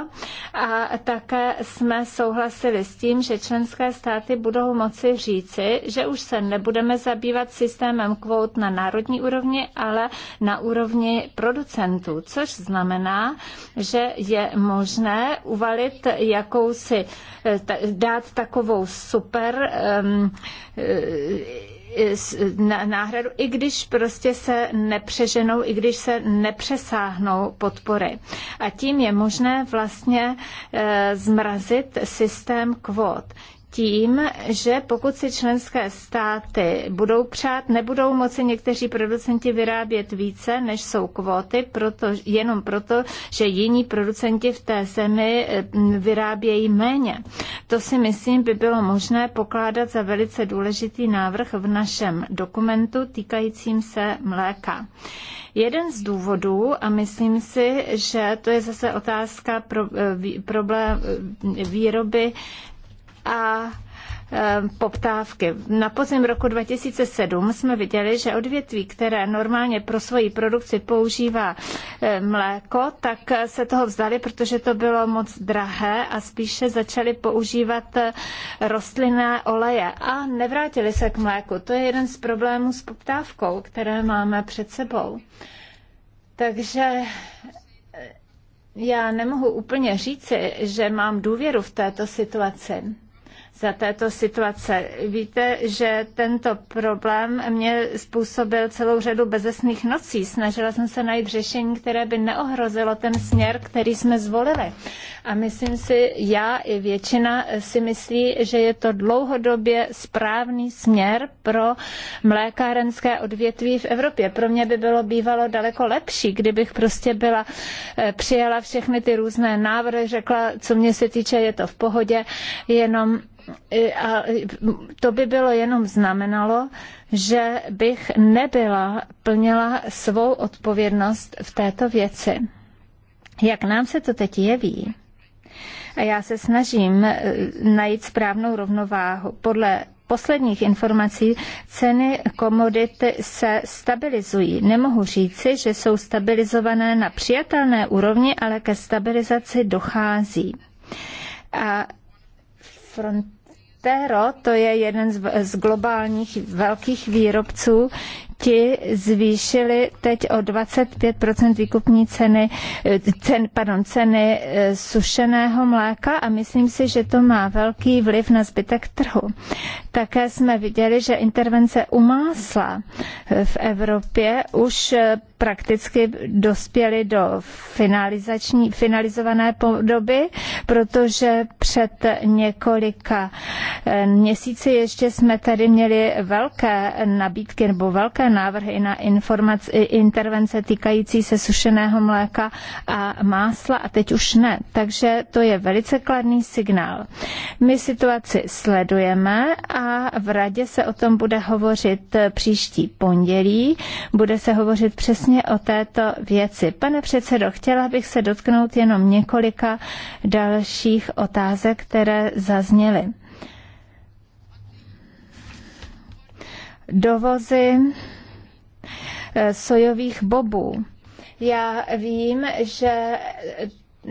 a také jsme souhlasili s tím, že členské státy budou moci říci, že už se nebudeme zabývat systémem kvůli provozovat na národní úrovni, ale na úrovni producentů, což znamená, že je možné uvalit jakousi, dát takovou super um, náhradu, i když prostě se nepřeženou, i když se nepřesáhnou podpory. A tím je možné vlastně eh, zmrazit systém kvót tím, že pokud si členské státy budou přát, nebudou moci někteří producenti vyrábět více, než jsou kvóty, proto, jenom proto, že jiní producenti v té zemi vyrábějí méně. To si myslím by bylo možné pokládat za velice důležitý návrh v našem dokumentu týkajícím se mléka. Jeden z důvodů, a myslím si, že to je zase otázka pro, e, problém e, výroby a e, poptávky. Na podzim roku 2007 jsme viděli, že odvětví, které normálně pro svoji produkci používá e, mléko, tak se toho vzdali, protože to bylo moc drahé a spíše začali používat e, rostlinné oleje a nevrátili se k mléku. To je jeden z problémů s poptávkou, které máme před sebou. Takže já nemohu úplně říci, že mám důvěru v této situaci za této situace. Víte, že tento problém mě způsobil celou řadu bezesných nocí. Snažila jsem se najít řešení, které by neohrozilo ten směr, který jsme zvolili. A myslím si, já i většina si myslí, že je to dlouhodobě správný směr pro mlékárenské odvětví v Evropě. Pro mě by bylo bývalo daleko lepší, kdybych prostě byla eh, přijala všechny ty různé návrhy, řekla, co mě se týče, je to v pohodě, jenom a to by bylo jenom znamenalo, že bych nebyla plnila svou odpovědnost v této věci. Jak nám se to teď jeví? A já se snažím eh, najít správnou rovnováhu. Podle posledních informací ceny komodit se stabilizují. Nemohu říci, že jsou stabilizované na přijatelné úrovni, ale ke stabilizaci dochází. A Frontero, to je jeden z, z globálních velkých výrobců, ti zvýšili teď o 25% výkupní ceny, cen, pardon, ceny eh, sušeného mléka a myslím si, že to má velký vliv na zbytek trhu. Také jsme viděli, že intervence u másla eh, v Evropě už eh, prakticky dospěly do finalizační, finalizované podoby, protože před několika měsíci ještě jsme tady měli velké nabídky nebo velké návrhy na informace, intervence týkající se sušeného mléka a másla a teď už ne. Takže to je velice kladný signál. My situaci sledujeme a v radě se o tom bude hovořit eh, příští pondělí. Bude se hovořit přesně o této věci. Pane předsedo, chtěla bych se dotknout jenom několika dalších otázek, které zazněly. dovozy Eh, sojových bobů. Já vím, že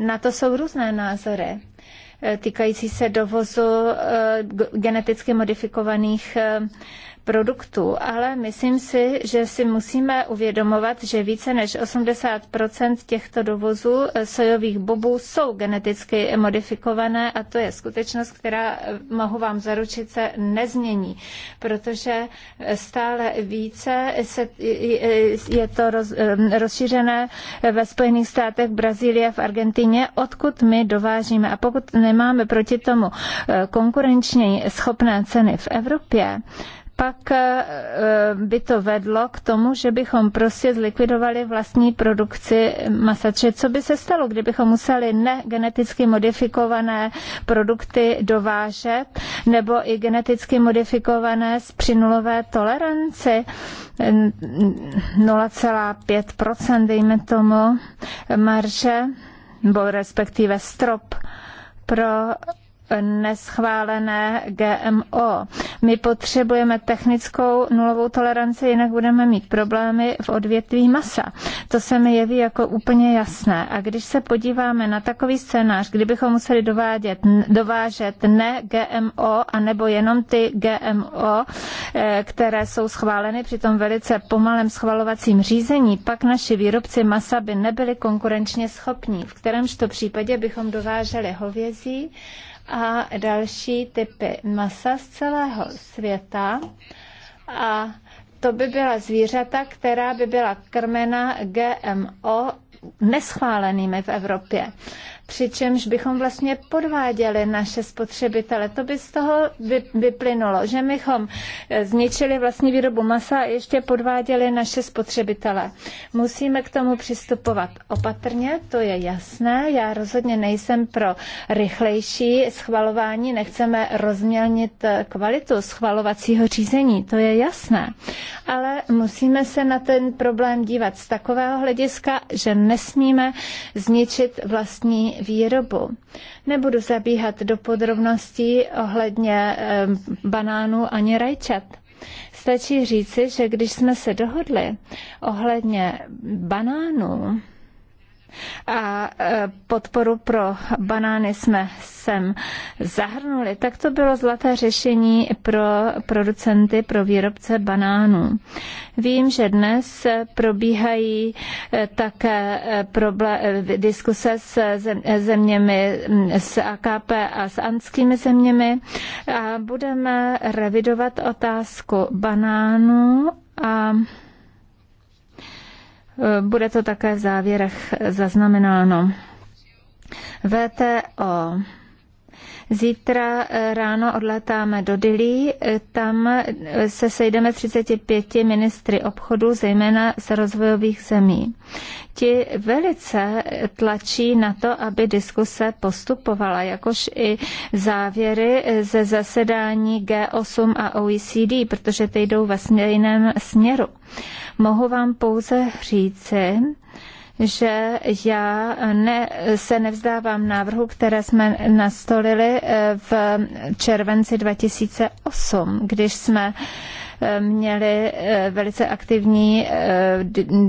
na to jsou různé názory eh, týkající se dovozu eh, geneticky modifikovaných produktů, ale myslím si, že si musíme uvědomovat, že více než 80 těchto dovozů eh, sojových bobů jsou geneticky modifikované a to je skutečnost, která, eh, mohu vám zaručit, se nezmění, protože eh, stále více se, je to roz, rozšířené ve Spojených státech, Brazílie, v Argentině, odkud my dovážíme. A pokud nemáme proti tomu konkurenční schopné ceny v Evropě, pak eh, by to vedlo k tomu, že bychom prostě zlikvidovali vlastní produkci masa. co by se stalo, kdybychom museli negeneticky modifikované produkty dovážet nebo i geneticky modifikované z přinulové toleranci 0,5%, dejme tomu, marže, nebo respektive strop pro neschválené GMO. My potřebujeme technickou nulovou toleranci, jinak budeme mít problémy v odvětví masa. To se mi jeví jako úplně jasné. A když se podíváme na takový scénář, kdybychom museli dovádět, dovážet ne GMO, anebo jenom ty GMO, eh, které jsou schváleny při tom velice pomalém schvalovacím řízení, pak naši výrobci masa by nebyli konkurenčně schopní. V kterémž to případě bychom dováželi hovězí, a další typy masa z celého světa. A to by byla zvířata, která by byla krmena GMO neschválenými v Evropě přičemž bychom vlastně podváděli naše spotřebitele. To by z toho vyplynulo, že bychom eh, zničili vlastní výrobu masa a ještě podváděli naše spotřebitele. Musíme k tomu přistupovat opatrně, to je jasné. Já rozhodně nejsem pro rychlejší schvalování, nechceme rozmělnit eh, kvalitu schvalovacího řízení, to je jasné. Ale musíme se na ten problém dívat z takového hlediska, že nesmíme zničit vlastní výrobu. Nebudu zabíhat do podrobností ohledně banánů ani rajčat. Stačí říci, že když jsme se dohodli ohledně banánů, a e, podporu pro banány jsme sem zahrnuli, tak to bylo zlaté řešení pro producenty, pro výrobce banánů. Vím, že dnes probíhají e, také e, diskuse s zeměmi s AKP a s anskými zeměmi a budeme revidovat otázku banánů a bude to také v závěrech zaznamenáno. VTO Zítra eh, ráno odletáme do Dili, eh, tam eh, se sejdeme 35 ministry obchodu, zejména z rozvojových zemí. Ti velice tlačí na to, aby diskuse postupovala, jakož i závěry ze zasedání G8 a OECD, protože ty jdou ve stejném směru. Mohu vám pouze říci, že já ne, se nevzdávám návrhu, které jsme nastolili eh, v červenci 2008, když jsme eh, měli eh, velice aktivní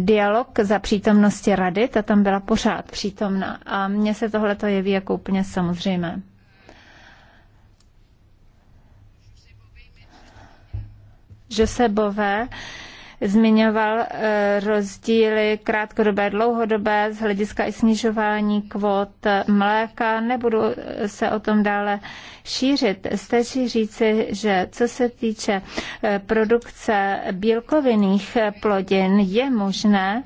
dialog za přítomnosti rady, ta tam byla pořád přítomna a mně se tohle to jeví jako úplně samozřejmé. se Bové zmiňoval eh, rozdíly krátkodobé, dlouhodobé z hlediska i snižování kvot mléka. Nebudu eh, se o tom dále šířit. Stačí říci, že co se týče eh, produkce bílkovinných plodin, je možné,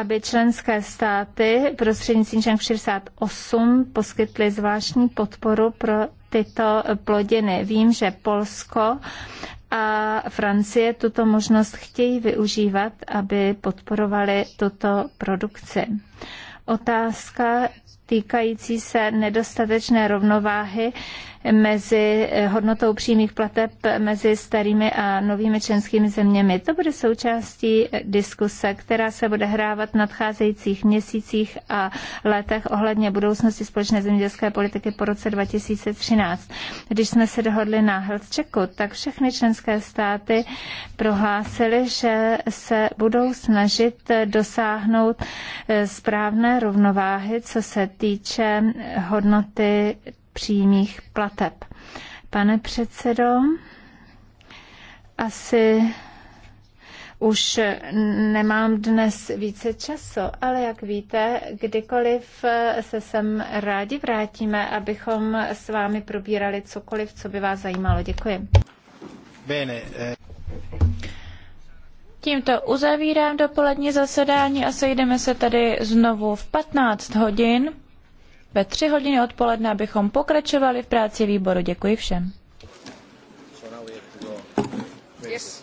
aby členské státy prostřednictvím článku 68 poskytly zvláštní podporu pro tyto plodiny. Vím, že Polsko a Francie tuto možnost chtějí využívat, aby podporovali tuto produkci. Otázka týkající se nedostatečné rovnováhy mezi hodnotou přímých plateb mezi starými a novými členskými zeměmi. To bude součástí diskuse, která se bude hrávat v nadcházejících měsících a letech ohledně budoucnosti společné zemědělské politiky po roce 2013. Když jsme se dohodli na health tak všechny členské státy prohlásily, že se budou snažit dosáhnout eh, správné rovnováhy, co se týče hodnoty přímých plateb. Pane předsedo, asi už nemám dnes více času, ale jak víte, kdykoliv se sem rádi vrátíme, abychom s vámi probírali cokoliv, co by vás zajímalo. Děkuji. Bene. Eh. Tímto uzavírám dopolední zasedání a sejdeme se tady znovu v 15 hodin ve tři hodiny odpoledne, abychom pokračovali v práci výboru. Děkuji všem. Yes.